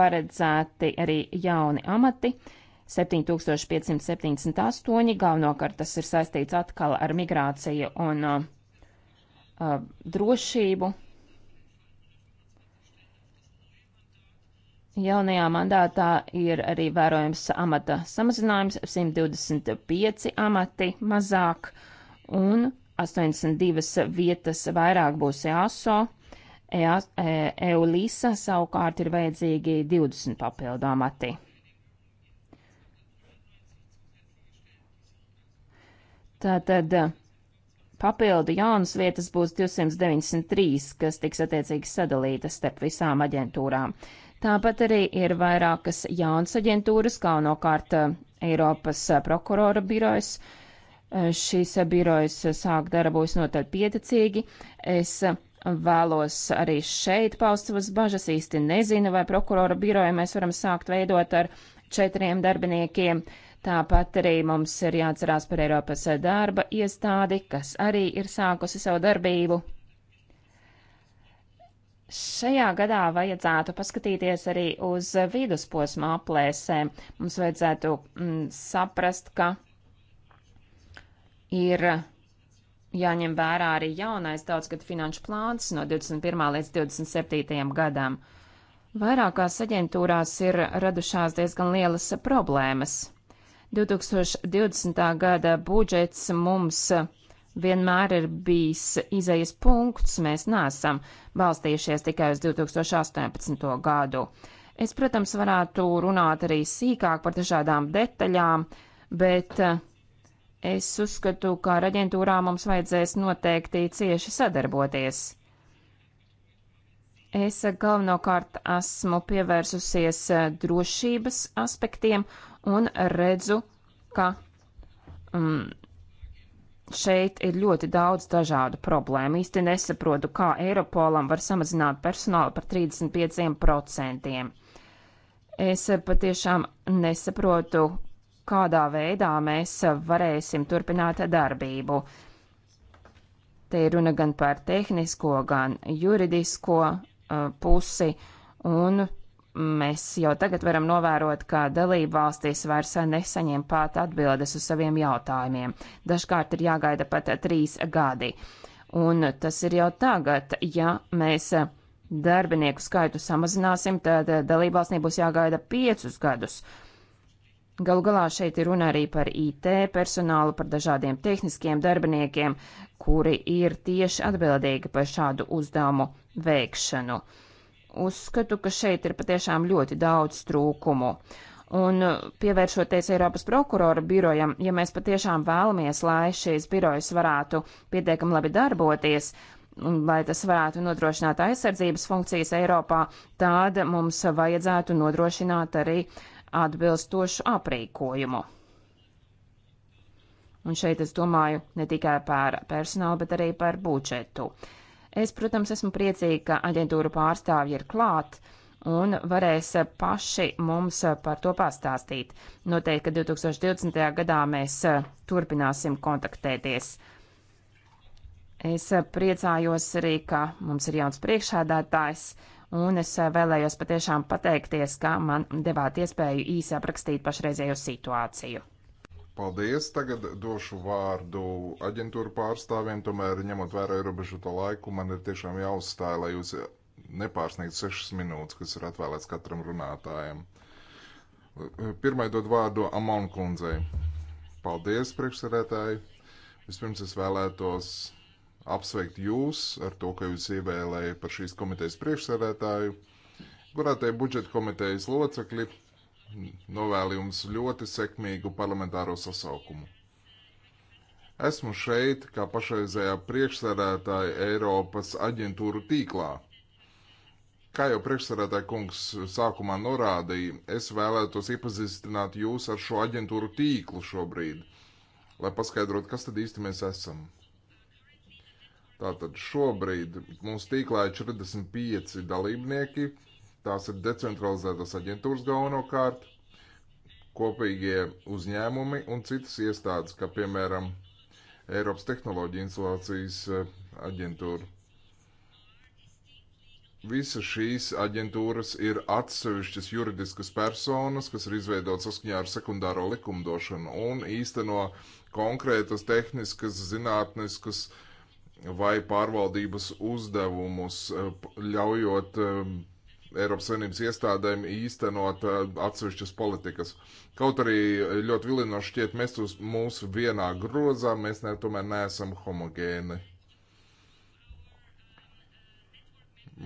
paredzēti arī jauni amati. 7578, galvenokārt tas ir saistīts atkal ar migrāciju un uh, drošību, Jaunajā mandātā ir arī vērojams amata samazinājums - 125 amati mazāk un 82 vietas vairāk būs EASO. EULISA e, e savukārt ir vajadzīgi 20 papildu amati. Tātad Papildu jaunas vietas būs 293, kas tiks attiecīgi sadalītas starp visām aģentūrām. Tāpat arī ir vairākas jaunas aģentūras, galvenokārt eh, Eiropas eh, prokurora birojas. Eh, šīs birojas sāk darbojas notaļ pieticīgi. Es vēlos arī šeit paust savas bažas. Īsti nezinu, vai prokurora biroju mēs varam sākt veidot ar četriem darbiniekiem. Tāpat arī mums ir jāatcerās par Eiropas darba iestādi, kas arī ir sākusi savu darbību. Šajā gadā vajadzētu paskatīties arī uz vidusposma aplēsēm. Mums vajadzētu mm, saprast, ka ir jāņem vērā arī jaunais daudzgad finanšu plāns no 21. līdz 27. gadam. Vairākās aģentūrās ir radušās diezgan lielas problēmas. 2020. gada budžets mums uh, vienmēr ir bijis izējas punkts, mēs neesam balstījušies tikai uz 2018. gadu. Es, protams, varētu runāt arī sīkāk par dažādām detaļām, bet eh, es uzskatu, ka ar aģentūrām mums vajadzēs noteikti cieši sadarboties. Es eh, galvenokārt esmu pievērsusies eh, drošības aspektiem un redzu, ka mm, Šeit ir ļoti daudz dažādu problēmu. Īsti nesaprotu, kā Eiropolam var samazināt personālu par 35%. Es patiešām nesaprotu, kādā veidā mēs varēsim turpināt darbību. Te ir runa gan par tehnisko, gan juridisko uh, pusi, un Mēs jau tagad varam novērot, ka dalība valstīs vairs nesaņem pat atbildes uz saviem jautājumiem. Dažkārt ir jāgaida pat trīs gadi. Un tas ir jau tagad, ja mēs darbinieku skaitu samazināsim, tad dalībvalsts nebūs jāgaida piecus gadus. Galu galā šeit ir runa arī par IT personālu, par dažādiem tehniskiem darbiniekiem, kuri ir tieši atbildīgi par šādu uzdevumu veikšanu. Uh, uzskatu, ka šeit ir patiešām ļoti daudz trūkumu. Un uh, pievēršoties Eiropas prokurora birojam, ja mēs patiešām vēlamies, lai šīs birojas varētu pietiekami labi darboties, un lai tas varētu nodrošināt aizsardzības funkcijas Eiropā, tad mums vajadzētu nodrošināt arī atbilstošu aprīkojumu. Un šeit es domāju ne tikai par personālu, bet arī par budžetu. Uh, Es, protams, esmu priecīga, ka aģentūra pārstāvji ir klāt un varēs paši mums par to pastāstīt. Noteikti, ka 2020. gadā mēs eh, turpināsim kontaktēties. Es eh, priecājos arī, ka mums ir jauns priekšādātājs, un es eh, vēlējos patiešām pateikties, ka man devāt iespēju īsi aprakstīt pašreizējo situāciju. Paldies. Tagad došu vārdu aģentūru pārstāvjiem. Tomēr, ņemot vērā ierobežoto laiku, man ir tiešām jāuzstāj, lai jūs nepārsniegtu sešas minūtes, kas ir atvēlēts katram runātājam. Pirmai dod vārdu Amon kundzei. Paldies, priekšsarētāji. Vispirms es vēlētos apsveikt jūs ar to, ka jūs ievēlējāt par šīs komitejas priekšsarētāju. Gurātie budžeta komitejas locekļi novēlu jums ļoti sekmīgu parlamentāro sasaukumu. Esmu šeit kā pašreizējā priekšsēdētāja Eiropas aģentūru tīklā. Kā jau priekšsēdētāja kungs sākumā norādīja, es vēlētos iepazīstināt jūs ar šo aģentūru tīklu šobrīd, lai paskaidrotu, kas tad īsti mēs esam. Tātad šobrīd mūsu tīklā ir 45 dalībnieki Tās ir decentralizētas aģentūras galvenokārt, kopīgie uzņēmumi un citas iestādes, kā piemēram Eiropas Tehnoloģija instalācijas eh, aģentūra. Visas šīs aģentūras ir atsevišķas juridiskas personas, kas ir izveidotas saskaņā ar sekundāro likumdošanu un īsteno konkrētas tehniskas, zinātniskas vai pārvaldības uzdevumus, eh, ļaujot eh, Eiropas Savienības iestādēm īstenot eh, atsevišķas politikas. Kaut arī ļoti vilinoši šķiet mest uz mūsu vienā grozā, mēs ne, tomēr neesam homogēni.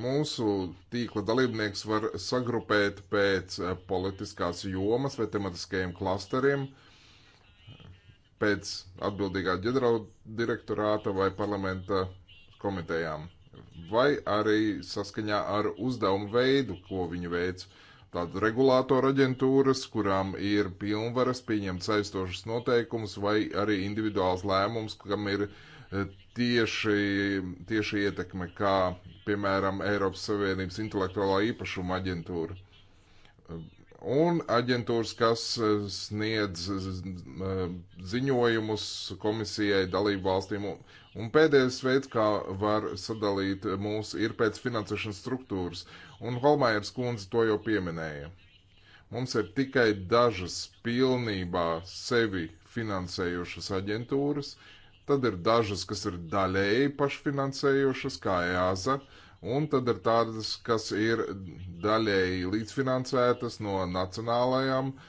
Mūsu tīkla dalībnieks var sagrupēt pēc eh, politiskās jomas vai tematiskajiem klasteriem, pēc atbildīgā ģenerāla direktorāta vai parlamenta komitejām vai arī saskaņā ar uzdevumu veidu, ko viņi veic. Tāda regulātora aģentūras, kurām ir pilnvaras pieņemt saistošas noteikumus, vai arī individuāls lēmums, kam ir e, tieši, tieši ietekme, kā piemēram Eiropas Savienības intelektuālā īpašuma aģentūra. Un aģentūras, kas e, sniedz e, ziņojumus komisijai, dalību valstīm Un pēdējais veids, kā var sadalīt mūs, ir pēc finansēšanas struktūras, un Holmajers kundze to jau pieminēja. Mums ir tikai dažas pilnībā sevi finansējošas aģentūras, tad ir dažas, kas ir daļēji pašfinansējošas, kā EASA, un tad ir tādas, kas ir daļēji līdzfinansētas no nacionālajām uh,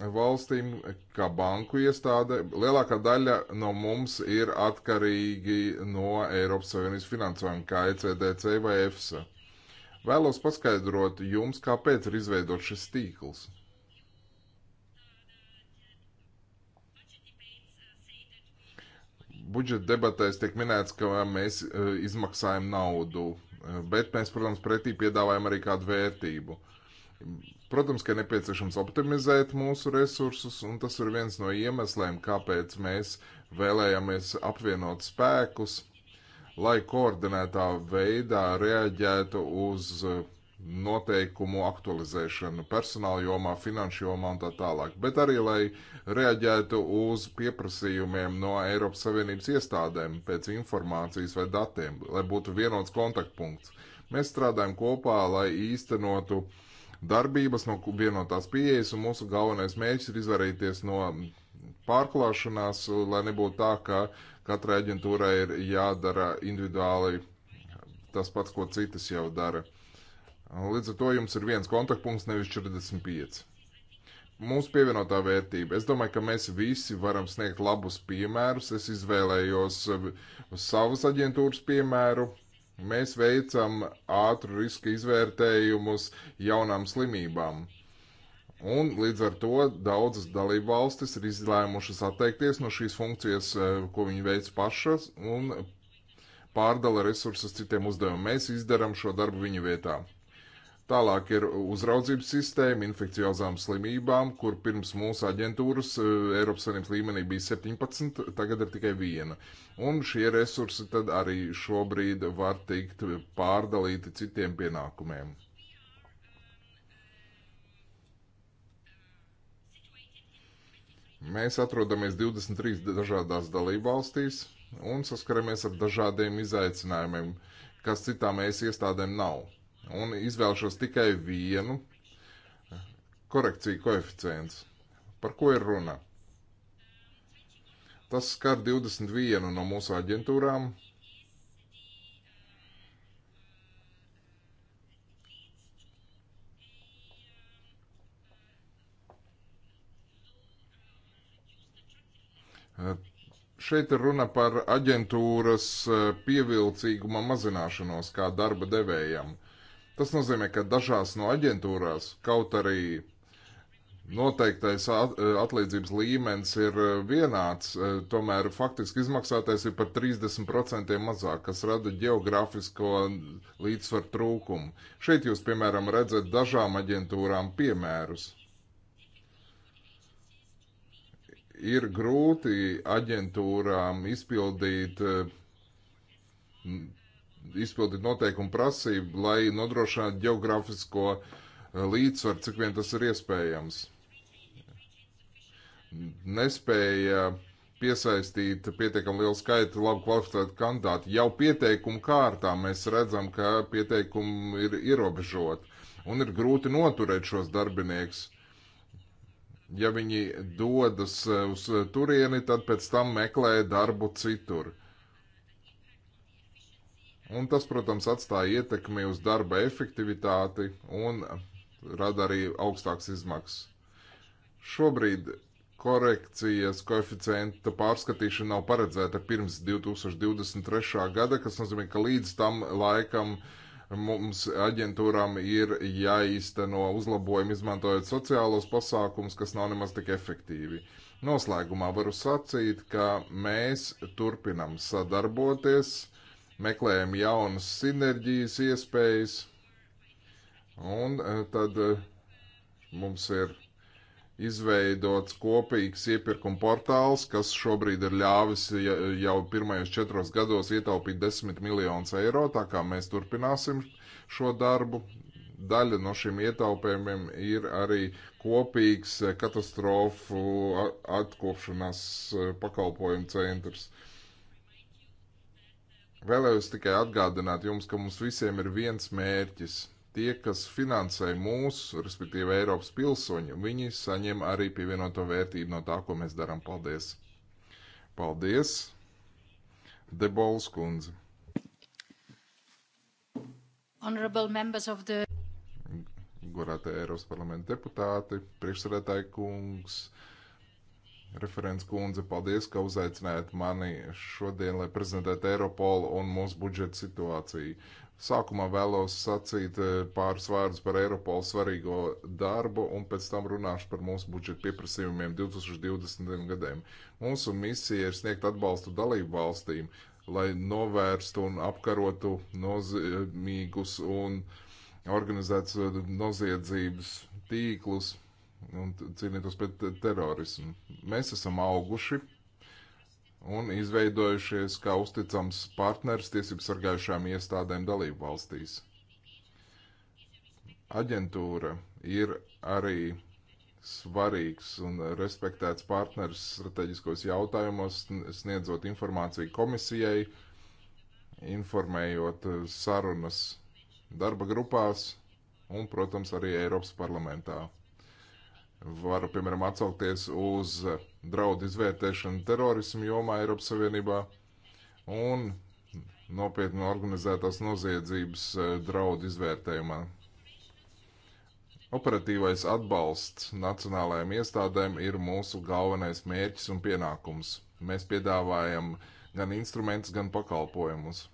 valstīm, kā banku iestāde, lielākā daļa no mums ir atkarīgi no Eiropas Savienības finansējuma, kā ECDC vai EFSA. Vēlos paskaidrot jums, kāpēc ir izveidots šis tīkls. Budžeta debatēs tiek minēts, ka mēs e, izmaksājam naudu, e, bet mēs, protams, pretī piedāvājam arī kādu vērtību Protams, ka nepieciešams optimizēt mūsu resursus, un tas ir viens no iemesliem, kāpēc mēs vēlējāmies apvienot spēkus, lai koordinētā veidā reaģētu uz eh, noteikumu aktualizēšanu personāla jomā, finanšu jomā un tā tālāk, bet arī lai reaģētu uz pieprasījumiem no Eiropas Savienības iestādēm pēc informācijas vai datiem, lai būtu vienots kontaktpunkts. Mēs strādājam kopā, lai īstenotu uh, darbības, no vienotās pieejas, un mūsu galvenais mērķis ir izvarīties no pārklāšanās, lai nebūtu tā, ka katrai aģentūrai ir jādara individuāli tas pats, ko citas jau dara. Līdz ar to jums ir viens kontaktpunkts, nevis 45. Mūsu pievienotā vērtība. Es domāju, ka mēs visi varam sniegt labus piemērus. Es izvēlējos savas aģentūras piemēru, Mēs veicam ātru riska izvērtējumus jaunām slimībām. Un līdz ar to daudzas dalību valstis ir izlēmušas atteikties no šīs funkcijas, eh, ko viņi veic pašas, un pārdala resursus citiem uzdevumiem. Mēs izdarām šo darbu viņu vietā. Tālāk ir uzraudzības sistēma infekciozām slimībām, kur pirms mūsu aģentūras e, Eiropas Savienības līmenī bija 17, tagad ir tikai viena. Un šie resursi tad arī šobrīd var tikt pārdalīti citiem pienākumiem. Mēs atrodamies 23 dažādās dalībvalstīs un saskaramies ar dažādiem izaicinājumiem, kas citām mēs iestādēm nav un izvēlšos tikai vienu korekciju koeficients. Par ko ir runa? Tas skar 21 no mūsu aģentūrām. Šeit ir runa par aģentūras pievilcīguma mazināšanos kā darba devējam. Tas nozīmē, ka dažās no aģentūrās kaut arī noteiktais e, atlīdzības līmenis ir e, vienāds, e, tomēr faktiski izmaksātais ir par 30% mazāk, kas rada geogrāfisko līdzsvaru trūkumu. Šeit jūs, piemēram, redzat dažām aģentūrām piemērus. Ir grūti aģentūrām izpildīt izpildīt noteikumu prasību, lai nodrošinātu geogrāfisko eh, līdzsvaru, cik vien tas ir iespējams. Nespēja piesaistīt pietiekami lielu skaitu labu kvalificētu kandidātu. Jau pieteikumu kārtā mēs redzam, ka pieteikumi ir ierobežoti un ir grūti noturēt šos darbiniekus. Ja viņi dodas eh, uz turieni, tad pēc tam meklē darbu citur. Un tas, protams, atstāja ietekmi uz darba efektivitāti un rada arī augstāks izmaksas. Šobrīd korekcijas koeficienta pārskatīšana nav paredzēta pirms 2023. gada, kas nozīmē, ka līdz tam laikam mums aģentūram ir jāīsteno uzlabojumi, izmantojot sociālos pasākumus, kas nav nemaz tik efektīvi. Noslēgumā varu sacīt, ka mēs turpinam sadarboties meklējam jaunas sinerģijas iespējas, un e, tad e, mums ir izveidots kopīgs iepirkuma portāls, kas šobrīd ir ļāvis jau pirmajos četros gados ietaupīt 10 miljonus eiro, tā kā mēs turpināsim šo darbu. Daļa no šiem ietaupējumiem ir arī kopīgs e, katastrofu atkopšanās pakalpojumu centrs. Uh, Vēlējos tikai atgādināt jums, ka mums visiem ir viens mērķis. Tie, kas finansē mūsu, respektīvi Eiropas pilsoņu, viņi saņem arī pievienoto vērtību no tā, ko mēs darām. Paldies! Paldies! Debols kundze! Honorable members of the Gorāta Eiropas parlamenta deputāti, priekšsēdētāji kungs, uh, referents kundze, paldies, ka uzaicinājāt mani šodien, lai prezentētu Eiropolu un mūsu budžeta situāciju. Sākumā vēlos sacīt eh, pāris vārdus par Eiropolu svarīgo darbu, un pēc tam runāšu par mūsu budžeta pieprasījumiem 2020. gadiem. Mūsu misija ir sniegt atbalstu dalību valstīm, lai novērstu un apkarotu nozīmīgus un organizētas noziedzības tīklus, un cīnītos pret terorismu. Mēs esam auguši un izveidojušies kā uzticams partners tiesību sargājušām iestādēm dalību valstīs. Aģentūra ir arī svarīgs un respektēts partners strateģiskos jautājumos, sniedzot informāciju komisijai, informējot eh, sarunas darba grupās un, protams, arī Eiropas parlamentā. Varu, piemēram, atsaukties uz draudu izvērtēšanu terorismu jomā Eiropas Savienībā un nopietnu organizētās noziedzības eh, draudu izvērtējumā. Operatīvais atbalsts nacionālajām iestādēm ir mūsu galvenais mērķis un pienākums. Mēs piedāvājam gan instrumentus, gan pakalpojumus.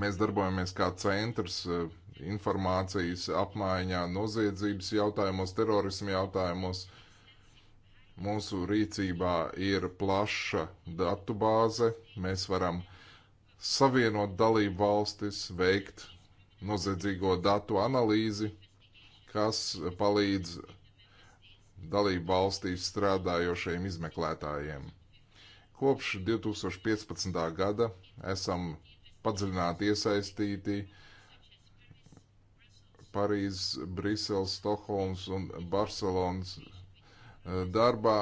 Mēs darbojamies kā centrs eh, informācijas apmaiņā, noziedzības jautājumos, terorismu jautājumos. Mūsu rīcībā ir plaša datu bāze. Mēs varam savienot dalību valstis, veikt noziedzīgo datu analīzi, kas palīdz dalību valstīs strādājošiem izmeklētājiem. Kopš 2015. gada esam padziļināti iesaistīti uh, Parīzes, Briseles, Stokholmas un Barcelonas eh, darbā,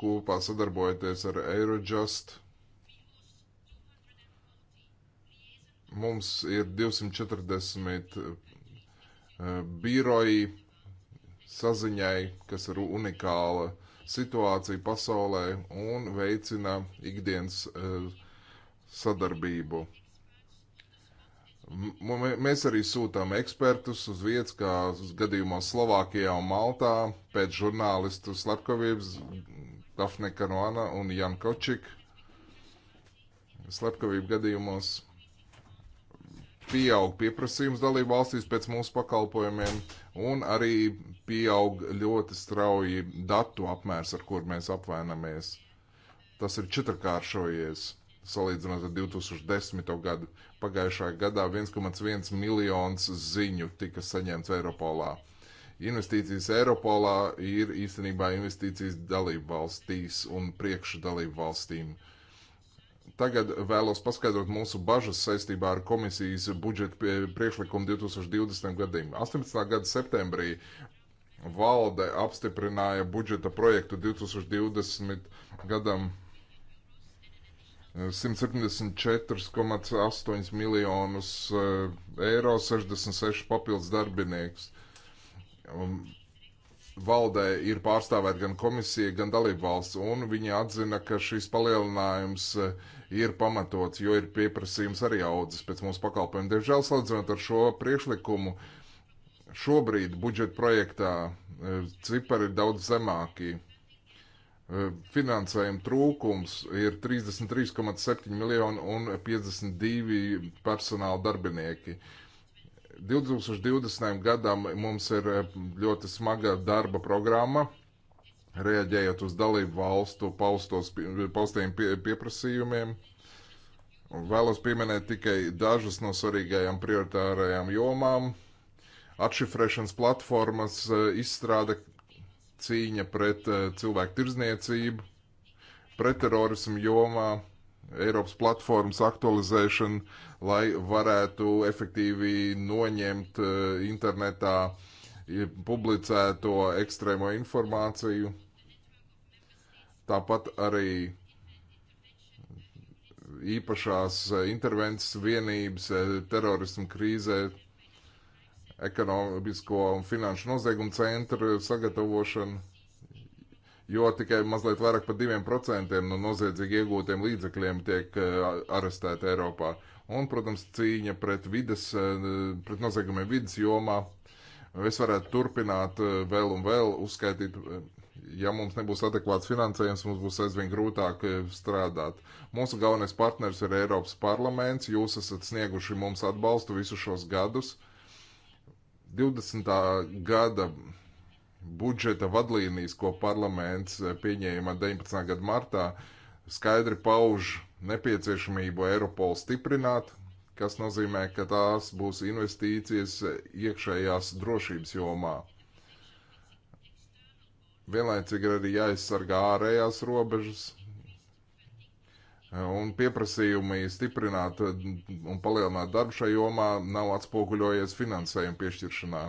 kopā sadarbojoties ar Eurojust. Mums ir 240 eh, biroji saziņai, kas ir unikāla situācija pasaulē un veicina ikdienas eh, sadarbību. Mēs arī sūtām ekspertus uz vietas, kā gadījumā Slovākijā un Maltā, pēc žurnālistu slepkavības Dafne Kanuana un Jan Kočik. Slepkavību gadījumos pieaug pieprasījums dalību valstīs pēc mūsu pakalpojumiem, un arī pieaug ļoti strauji datu apmērs, ar kur mēs apvainamies. Tas ir četrkāršojies salīdzinot ar 2010. gadu. Pagājušā gadā 1,1 miljons ziņu tika saņemts Eiropolā. Investīcijas Eiropolā ir īstenībā investīcijas dalību valstīs un priekšdalību valstīm. Tagad vēlos paskaidrot mūsu bažas saistībā ar komisijas budžeta priekšlikumu 2020. gadim. 18. gada septembrī valde apstiprināja budžeta projektu 2020. gadam 174,8 miljonus eh, eiro, 66 papildus darbinieks. Valdē ir pārstāvēt gan komisija, gan dalību valsts, un viņi atzina, ka šis palielinājums eh, ir pamatots, jo ir pieprasījums arī audzis pēc mūsu pakalpojumu. Diemžēl, salīdzinot ar šo priekšlikumu, šobrīd budžeta projektā eh, cipari ir daudz zemāki finansējuma trūkums ir 33,7 miljoni un 52 personāla darbinieki. 2020. gadam mums ir ļoti smaga darba programma, reaģējot uz dalību valstu paustos, paustajiem pie, pieprasījumiem. Vēlos pieminēt tikai dažas no svarīgajām prioritārajām jomām. Atšifrēšanas platformas izstrāde cīņa pret eh, cilvēku tirzniecību, pretterorismu jomā, Eiropas platformas aktualizēšana, lai varētu efektīvi noņemt eh, internetā eh, publicēto ekstrēmo informāciju. Tāpat arī īpašās intervences vienības terorismu krīzē ekonomisko un finanšu noziegumu centru sagatavošanu, jo tikai mazliet vairāk par 2% no noziedzīgi iegūtiem līdzekļiem tiek eh, arestēti Eiropā. Un, protams, cīņa pret, vides, eh, pret noziegumiem vidas jomā. Es varētu turpināt eh, vēl un vēl uzskaitīt ja mums nebūs adekvāts finansējums, mums būs aizvien grūtāk strādāt. Mūsu galvenais partners ir Eiropas parlaments. Jūs esat snieguši mums atbalstu visus šos gadus. 20. gada budžeta vadlīnijas, ko parlaments eh, pieņēma 19. gada martā, skaidri pauž nepieciešamību Eiropolu stiprināt, kas nozīmē, ka tās būs investīcijas iekšējās drošības jomā. Vienlaicīgi ir arī jāaizsargā ārējās robežas, un pieprasījumi stiprināt un palielināt darbu šajā jomā nav atspoguļojies finansējuma piešķiršanā.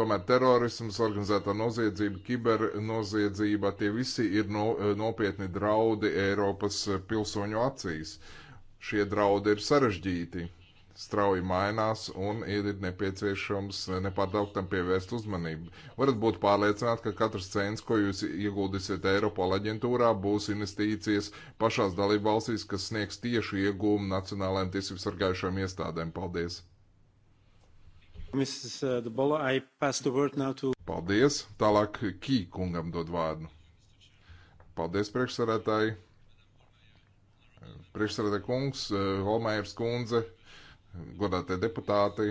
Tomēr terorisms, organizētā noziedzība, kibernoziedzība, tie visi ir no, nopietni draudi Eiropas pilsoņu acīs. Šie draudi ir sarežģīti strauji mainās un ir nepieciešams nepārtrauktam pievērst uzmanību. Varat būt pārliecināti, ka katrs cents, ko jūs ieguldīsiet Eiropola aģentūrā, būs investīcijas pašās dalībvalstīs, kas sniegs tiešu iegūmu nacionālajiem tiesību sargājušajām iestādēm. Paldies! Uh, Paldies! Tālāk Kī kungam dod vārdu. Paldies, priekšsarētāji! Priekšsarētāji kungs, uh, Holmējers kundze, godātie deputāti.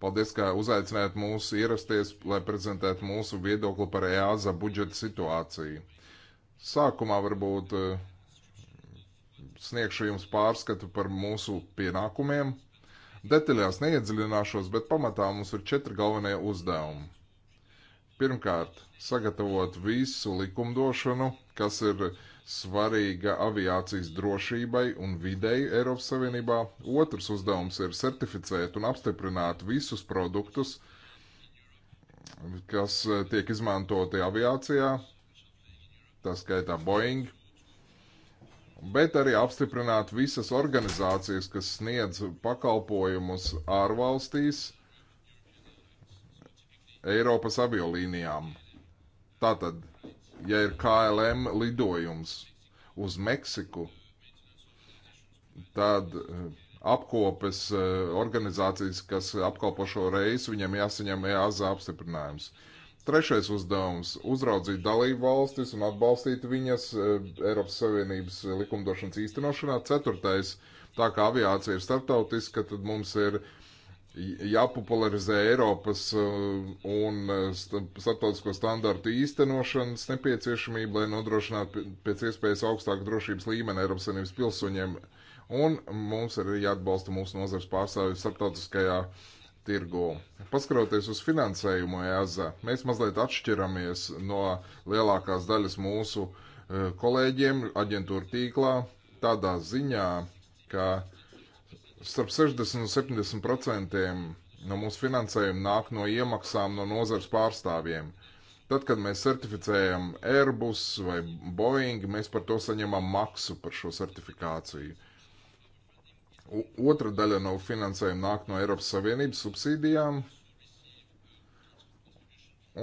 Paldies, ka uzaicinājāt mūs ierasties, lai prezentētu mūsu viedokli par EASA budžeta situāciju. Sākumā varbūt eh, sniegšu jums pārskatu par mūsu pienākumiem. Detaļās neiedziļināšos, bet pamatā mums ir četri galvenie uzdevumi. Pirmkārt, sagatavot visu likumdošanu, kas ir uh, svarīga aviācijas drošībai un videi Eiropas Savienībā. Otrs uzdevums ir certificēt un apstiprināt visus produktus, kas eh, tiek izmantoti aviācijā, tā skaitā Boeing, bet arī apstiprināt visas organizācijas, kas sniedz pakalpojumus ārvalstīs Eiropas aviolīnijām. Tātad ja ir KLM lidojums uz Meksiku, tad eh, apkopes eh, organizācijas, kas apkalpo šo reisu, viņam jāsaņem EASA apstiprinājums. Trešais uzdevums - uzraudzīt dalību valstis un atbalstīt viņas eh, Eiropas Savienības likumdošanas īstenošanā. Ceturtais - tā kā aviācija ir starptautiska, tad mums ir uh, jāpopularizē Eiropas uh, un uh, starptautisko standartu īstenošanas nepieciešamība, lai nodrošinātu pēc iespējas augstāku drošības līmeni Eiropas Savienības pilsoņiem. Un mums arī jāatbalsta mūsu nozars pārstāvju starptautiskajā tirgu. Paskaroties uz finansējumu EASA, mēs mazliet atšķiramies no lielākās daļas mūsu uh, kolēģiem aģentūra tīklā tādā ziņā, ka uh, starp 60 un 70 procentiem no mūsu finansējuma nāk no iemaksām no nozars pārstāvjiem. Tad, kad mēs certificējam Airbus vai Boeing, mēs par to saņemam maksu par šo certifikāciju. Otra daļa no finansējuma nāk no Eiropas Savienības subsīdijām,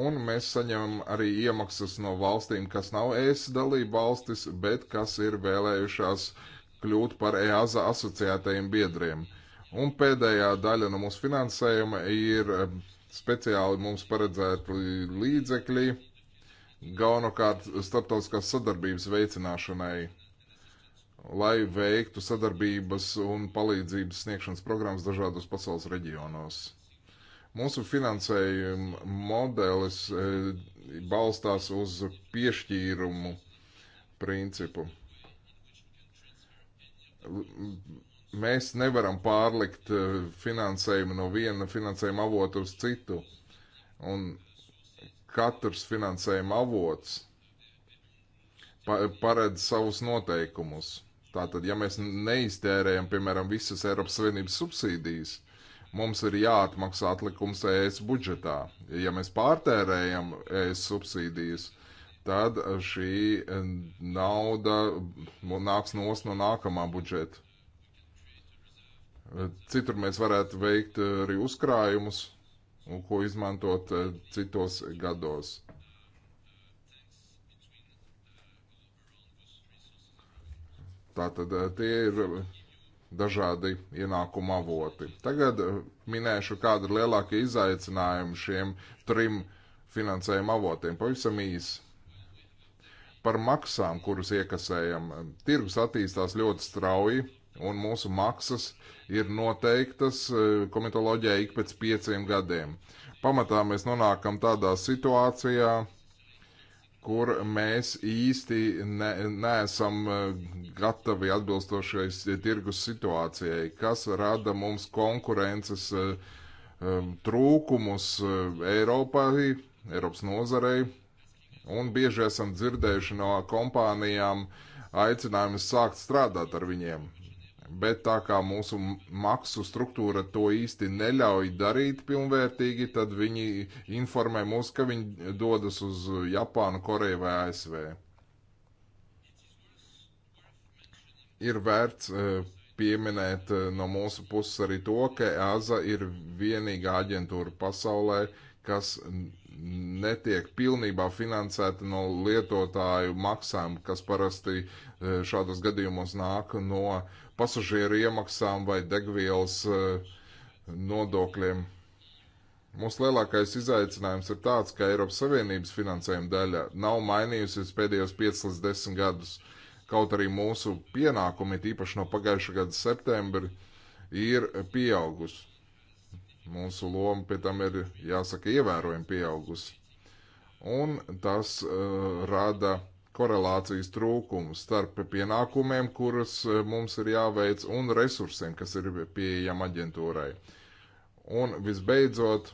un mēs saņemam arī iemaksas no valstīm, kas nav ES dalība valstis, bet kas ir vēlējušās uh, kļūt par EASA asociētajiem biedriem. Un pēdējā daļa no mūsu finansējuma ir speciāli mums paredzēti līdzekļi galvenokārt starptautiskās sadarbības veicināšanai, lai veiktu sadarbības un palīdzības sniegšanas programmas dažādos pasaules reģionos. Mūsu finansējuma modelis eh, balstās uz piešķīrumu principu mēs nevaram pārlikt eh, finansējumu no viena finansējuma avota uz citu. Un katrs finansējuma avots paredz savus noteikumus. Tātad, ja mēs neiztērējam, piemēram, visas Eiropas Savienības subsīdijas, mums ir jāatmaksā atlikums ES budžetā. Ja mēs pārtērējam ES subsīdijas, uh, tad šī nauda nāks nos no nākamā budžeta. Citur mēs varētu veikt eh, arī uzkrājumus, ko izmantot eh, citos gados. Tātad eh, tie ir dažādi ienākuma avoti. Tagad minēšu, kāda ir lielāka izaicinājuma šiem trim finansējuma avotiem. Pavisam īsi par maksām, kuras iekasējam. Tirgus attīstās ļoti strauji, un mūsu maksas ir noteiktas eh, komitoloģijā ik pēc pieciem gadiem. Pamatā mēs nonākam tādā situācijā, kur mēs īsti ne, neesam eh, gatavi atbilstošais tirgus situācijai, kas rada mums konkurences eh, trūkumus Eiropai, Eiropas nozarei, Un bieži esam dzirdējuši no kompānijām aicinājumus sākt strādāt ar viņiem. Bet tā kā mūsu maksu struktūra to īsti neļauj darīt pilnvērtīgi, tad viņi informē mūs, ka viņi dodas uz Japānu, Koreju vai ASV. Ir vērts e, pieminēt e, no mūsu puses arī to, ka EASA ir vienīgā aģentūra pasaulē, kas netiek pilnībā finansēta no lietotāju maksām, kas parasti e, šādos gadījumos nāk no pasažieru iemaksām vai degvielas e, nodokļiem. Mūsu lielākais izaicinājums ir tāds, ka Eiropas Savienības finansējuma daļa nav mainījusies pēdējos 5 līdz 10 gadus. Kaut arī mūsu pienākumi, īpaši no pagājušā gada septembra, ir pieaugusi Mūsu loma pie tam ir, jāsaka, ievērojami pieaugusi. Un tas uh, rada korelācijas trūkumu starp pienākumiem, kurus uh, mums ir jāveic, un resursiem, kas ir pieejami aģentūrai. Un visbeidzot,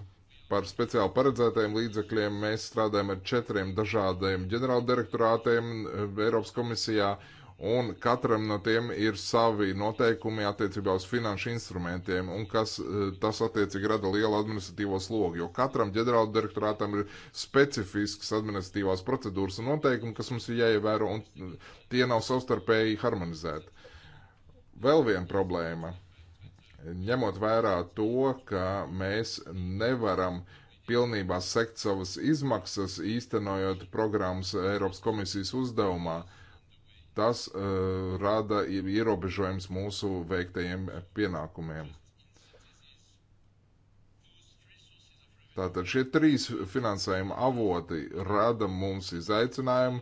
par speciāli paredzētajiem līdzekļiem mēs strādājam ar četriem dažādiem ģenerāldirektorātiem uh, Eiropas komisijā. Uh, un katram no tiem ir savi noteikumi attiecībā uz finanšu instrumentiem, un kas, eh, tas attiecīgi rada lielu administratīvo slogu, jo katram ģenerāla direktorātam ir specifisks administratīvās procedūras un noteikumi, kas mums ir jāievēro, un eh, tie nav savstarpēji harmonizēti. Vēl viena problēma. Ņemot vērā to, ka mēs nevaram pilnībā sekt savas izmaksas, īstenojot programmas Eiropas komisijas uzdevumā, uh, Tas uh, rada ierobežojums mūsu veiktajiem pienākumiem. Tātad šie trīs finansējuma avoti rada mums izaicinājumu,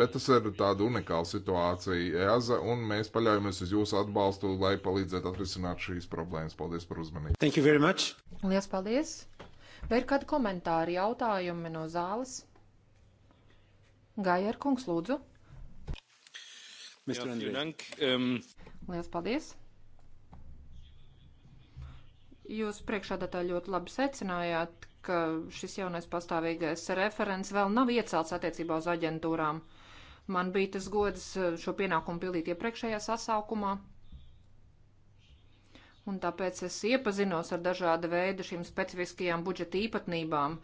bet tas ir tāda unikāla situācija EASA, un mēs paļaujamies uz jūsu atbalstu, lai palīdzētu atrisināt šīs problēmas. Paldies par uzmanību. Thank you very much. Lielas paldies. Vai ir kādi komentāri, jautājumi no zāles? Gajer kungs, lūdzu. Mr. Andrej. Lielas paldies! Jūs priekšādatā ļoti labi secinājāt, ka šis jaunais pastāvīgais referents vēl nav iecelts attiecībā uz aģentūrām. Man bija tas gods eh, šo pienākumu pildīt iepriekšējā sasaukumā. Un tāpēc es iepazinos ar dažāda veida šīm specifiskajām budžeta īpatnībām.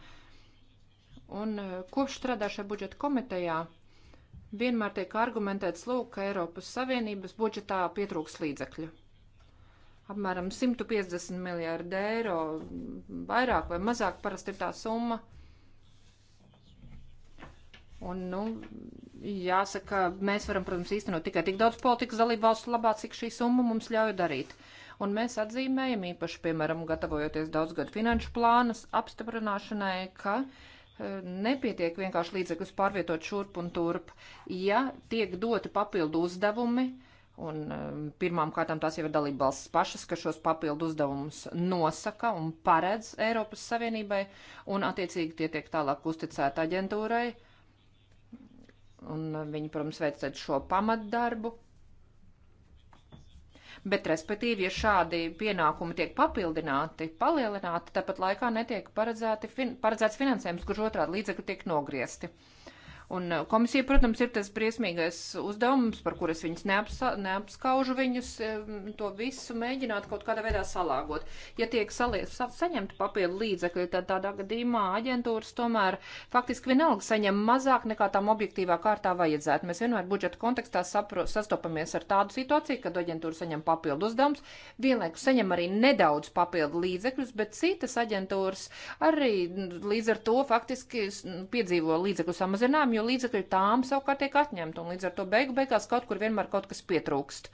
Un eh, kopš strādā šajā budžeta komitejā vienmēr tiek argumentēts, lūk, ka Eiropas Savienības budžetā pietrūks līdzekļu. Apmēram 150 miljārdi eiro, vairāk vai mazāk, parasti ir tā summa. Un, nu, jāsaka, mēs varam, protams, īstenot tikai tik daudz politikas dalību valstu labā, cik šī summa mums ļauj darīt. Un mēs atzīmējam, īpaši, piemēram, gatavojoties daudzgadu finanšu plānas apstiprināšanai, ka uh, Eh, nepietiek vienkārši līdzekļus pārvietot šurp un turp. Ja tiek doti papildu uzdevumi, un eh, pirmām kārtām tās jau ir dalība valsts pašas, ka šos papildu uzdevumus nosaka un paredz Eiropas Savienībai, un attiecīgi tie tiek tālāk uzticēta aģentūrai, un eh, viņi, protams, veic šo pamatdarbu bet, respektīvi, ja šādi pienākumi tiek papildināti, palielināti, tāpat laikā netiek fin paredzēts finansējums, kurš otrādi līdzekļi tiek nogriezti. Un uh, komisija, protams, ir tas briesmīgais uzdevums, par kuras viņas neapsa, neapskaužu viņus, um, to visu mēģināt kaut kādā veidā salāgot. Ja tiek salies, sa saņemta papildu līdzekļi, tad tādā gadījumā aģentūras tomēr faktiski vienalga saņem mazāk nekā tām objektīvā kārtā vajadzētu. Mēs vienmēr budžeta kontekstā sapro, sastopamies ar tādu situāciju, kad aģentūra saņem papildu uzdevums, vienlaikus saņem arī nedaudz papildu līdzekļus, bet citas aģentūras arī mm, līdz ar to faktiski piedzīvo līdzekļu samazinājumu, līdzekļi tām savukārt tiek atņemti, un līdz ar to beigu beigās kaut kur vienmēr kaut kas pietrūkst.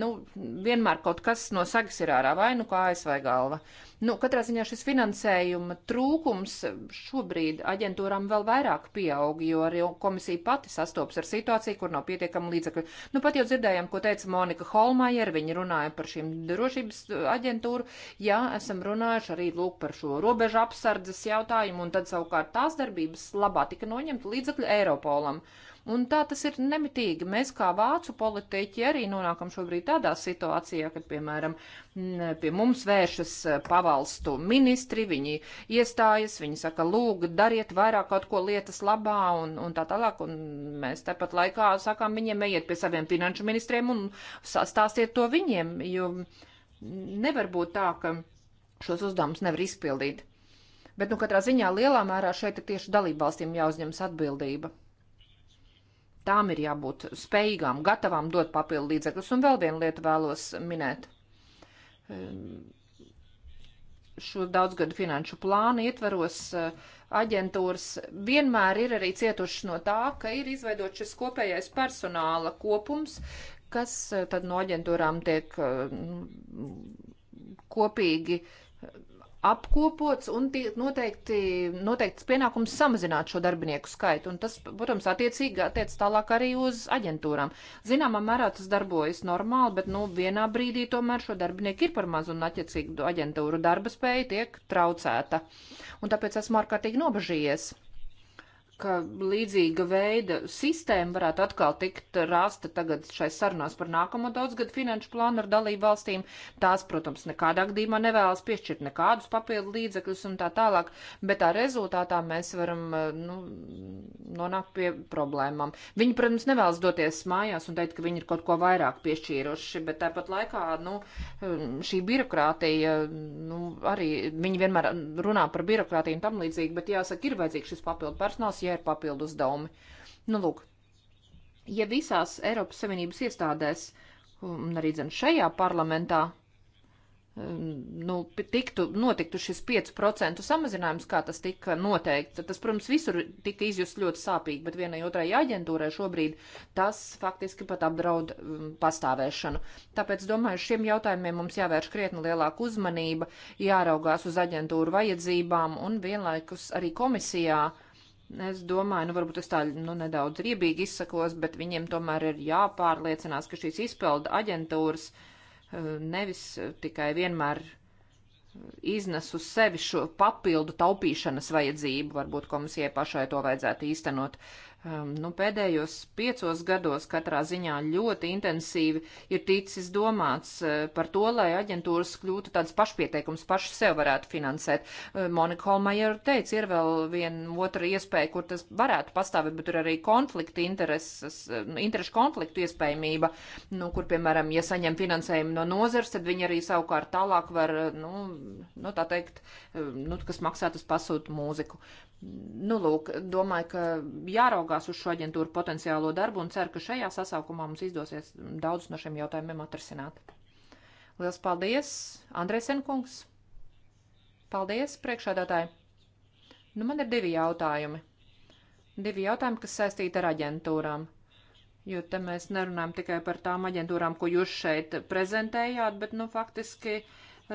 Nu, vienmēr kaut kas no sagas ir ārā, vai nu kājas vai galva. Nu, katrā ziņā šis finansējuma trūkums šobrīd aģentūram vēl vairāk pieaug, jo arī komisija pati sastopas ar situāciju, kur nav pietiekama līdzekļu. Nu, pat jau dzirdējām, ko teica Monika Holmajer, viņa runāja par šīm drošības uh, aģentūru. Jā, esam runājuši arī lūk par šo robežu apsardzes jautājumu, un tad savukārt tās darbības labā tika noņemta līdzekļu Eiropolam. Un tā tas ir nemitīgi. Mēs kā vācu politiķi arī nonākam šobrīd tādā situācijā, kad, piemēram, pie mums vēršas eh, pavalstu ministri, viņi iestājas, viņi saka, lūg, dariet vairāk kaut ko lietas labā un, un tā tālāk. Un mēs tepat laikā sakām viņiem, ejiet pie saviem finanšu ministriem un stāstiet to viņiem, jo nevar būt tā, ka šos uzdevumus nevar izpildīt. Bet, nu, katrā ziņā lielā mērā šeit ir tieši dalībvalstīm jāuzņemas atbildība tām ir jābūt spējīgām, gatavām dot papildu līdzekļus. Un vēl vienu lietu vēlos minēt. Ehm, šo daudzgadu finanšu plānu ietvaros eh, aģentūras vienmēr ir arī cietušas no tā, ka ir izveidot šis kopējais personāla kopums, kas eh, tad no aģentūrām tiek eh, kopīgi uh, apkopots un tiek noteikti, noteikts pienākums samazināt šo darbinieku skaitu. Un tas, protams, attiecīgi attiec tālāk arī uz aģentūrām. Zināmā mērā tas darbojas normāli, bet, nu, vienā brīdī tomēr šo darbinieku ir par maz un attiecīgi aģentūru darba spēja tiek traucēta. Un tāpēc esmu ārkārtīgi nobežījies ka līdzīga veida sistēma varētu atkal tikt rasta tagad šai sarunās par nākamo daudzgadu finanšu plānu ar dalību valstīm. Tās, protams, nekādā gadījumā nevēlas piešķirt nekādus papildu līdzekļus un tā tālāk, bet tā rezultātā mēs varam eh, nu, nonākt pie problēmām. Viņi, protams, nevēlas doties mājās un teikt, ka viņi ir kaut ko vairāk piešķīruši, bet tāpat laikā nu, šī birokrātija, nu, arī viņi vienmēr runā par birokrātiju un tam līdzīgi, bet jāsaka, ir vajadzīgs šis papildu personāls, ja šie ir papildu uzdevumi. Nu, lūk, ja visās Eiropas Savienības iestādēs, un arī dzen šajā parlamentā, um, nu, tiktu, notiktu šis 5% samazinājums, kā tas tika noteikts, tad tas, protams, visur tika izjusts ļoti sāpīgi, bet vienai otrai aģentūrai šobrīd tas faktiski pat apdraud um, pastāvēšanu. Tāpēc, domāju, šiem jautājumiem mums jāvērš krietni lielāka uzmanība, jāraugās uz aģentūru vajadzībām un vienlaikus arī komisijā uh, Es domāju, nu varbūt es tā nu, nedaudz riebīgi izsakos, bet viņiem tomēr ir jāpārliecinās, ka šīs izpildu aģentūras eh, nevis tikai vienmēr eh, iznes uz sevi šo papildu taupīšanas vajadzību, varbūt komisijai pašai to vajadzētu īstenot, um, nu, pēdējos piecos gados katrā ziņā ļoti intensīvi ir ticis domāts uh, par to, lai aģentūras kļūtu tāds pašpieteikums, paši sev varētu finansēt. Uh, Monika Holmajer teica, ir vēl viena otra iespēja, kur tas varētu pastāvēt, bet tur arī konflikti intereses, uh, interešu konfliktu iespējamība, nu, kur, piemēram, ja saņem finansējumu no nozars, tad viņi arī savukārt tālāk var, uh, nu, nu tā teikt, uh, nu, kas maksā, tas pasūta mūziku. Nu, lūk, domāju, ka jāraugās uz šo aģentūru potenciālo darbu un ceru, ka šajā sasaukumā mums izdosies daudz no šiem jautājumiem atrasināt. Lielas paldies, Andresenkungs! Paldies, priekšādātāji! Nu, man ir divi jautājumi. Divi jautājumi, kas saistīti ar aģentūrām. Jo te mēs nerunājam tikai par tām aģentūrām, ko jūs šeit prezentējāt, bet, nu, faktiski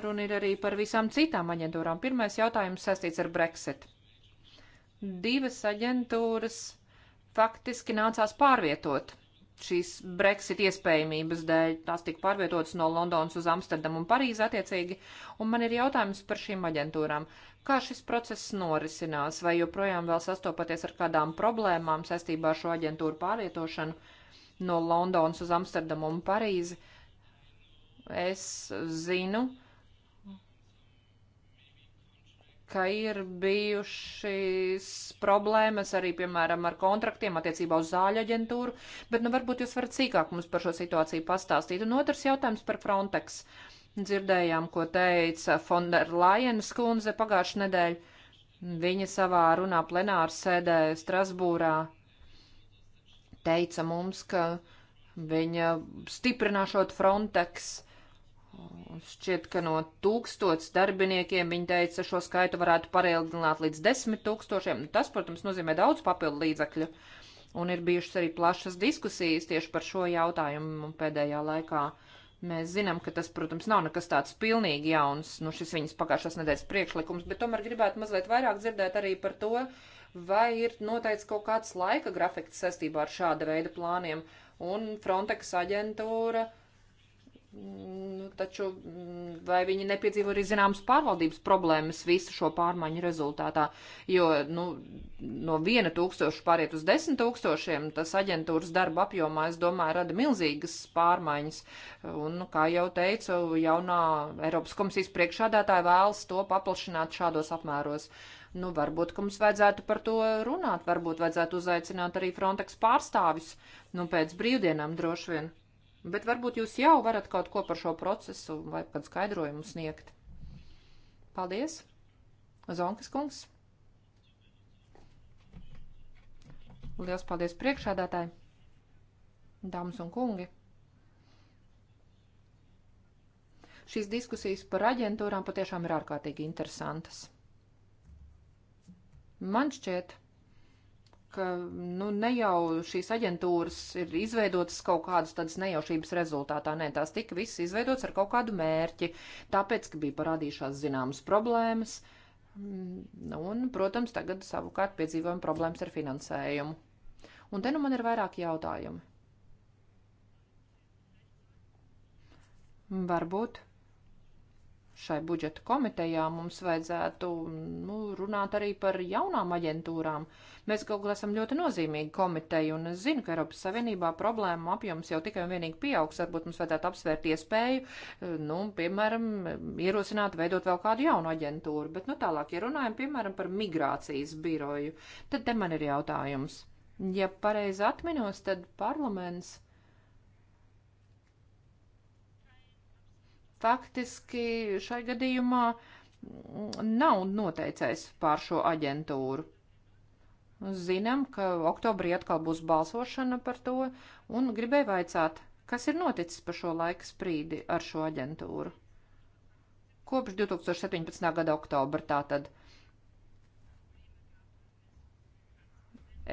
runa ir arī par visām citām aģentūrām. Pirmais jautājums saistīts ar Brexit divas aģentūras faktiski nācās pārvietot šīs Brexit iespējamības dēļ. Tās tika pārvietotas no Londonas uz Amsterdamu un Parīzi attiecīgi. Un man ir jautājums par šīm aģentūrām. Kā šis process norisinās? Vai joprojām vēl sastopaties ar kādām problēmām saistībā ar šo aģentūru pārvietošanu no Londonas uz Amsterdamu un Parīzi? Es zinu, ka ir bijušas problēmas arī, piemēram, ar kontraktiem attiecībā uz zāļu aģentūru, bet nu varbūt jūs varat sīkāk mums par šo situāciju pastāstīt. Un otrs jautājums par Frontex. Dzirdējām, ko teica Fonderlajenas kundze pagājušajā nedēļā. Viņa savā runā plenāra sēdē Strasbūrā teica mums, ka viņa stiprināšot Frontex Šķiet, ka no tūkstots darbiniekiem viņi teica, šo skaitu varētu pareilgināt līdz desmit tūkstošiem. Nu, tas, protams, nozīmē daudz papildu līdzakļu. Un ir bijušas arī plašas diskusijas tieši par šo jautājumu pēdējā laikā. Mēs zinām, ka tas, protams, nav nekas tāds pilnīgi jauns, nu šis viņas pagājušās nedēļas priekšlikums, bet tomēr gribētu mazliet vairāk dzirdēt arī par to, vai ir noteikts kaut kāds laika grafiks saistībā ar šāda veida plāniem. Un Frontex aģentūra uh, Nu, taču mm, vai viņi nepiedzīvo arī zināmas pārvaldības problēmas visu šo pārmaiņu rezultātā? Jo nu, no viena tūkstoša pāriet uz desmit tūkstošiem, tas aģentūras darba apjomā, es domāju, rada milzīgas pārmaiņas. Un, nu, kā jau teicu, jaunā Eiropas komisijas priekšādātāja vēlas to paplašināt šādos apmēros. Nu, varbūt, ka mums vajadzētu par to runāt, varbūt vajadzētu uzaicināt arī Frontex pārstāvis, nu, pēc brīvdienām droši vien. Bet varbūt jūs jau varat kaut ko par šo procesu vai pat skaidrojumu sniegt. Paldies, Zonkas kungs. Lielas paldies priekšādātāji, dāmas un kungi. Šīs diskusijas par aģentūrām patiešām ir ārkārtīgi interesantas. Man šķiet, ka ka nu, ne jau šīs aģentūras ir izveidotas kaut kādas tādas nejaušības rezultātā. Nē, tās tika visas izveidotas ar kaut kādu mērķi, tāpēc, ka bija parādījušās zināmas problēmas. Mm, un, protams, tagad savukārt piedzīvojam problēmas ar finansējumu. Un te nu man ir vairāki jautājumi. Varbūt šai budžeta komitejā mums vajadzētu nu, runāt arī par jaunām aģentūrām. Mēs kaut kādā esam ļoti nozīmīgi komiteja, un es zinu, ka Eiropas Savienībā problēma apjoms jau tikai un vienīgi pieaugs. Varbūt mums vajadzētu apsvērt iespēju, nu, piemēram, ierosināt, veidot vēl kādu jaunu aģentūru. Bet, nu, tālāk, ja runājam, piemēram, par migrācijas biroju, tad te man ir jautājums. Ja pareizi atminos, tad parlaments faktiski šai gadījumā nav noteicējis pār šo aģentūru. Zinām, ka oktobrī atkal būs balsošana par to, un gribēju vaicāt, kas ir noticis pa šo laika sprīdi ar šo aģentūru. Kopš 2017. gada oktobra tātad.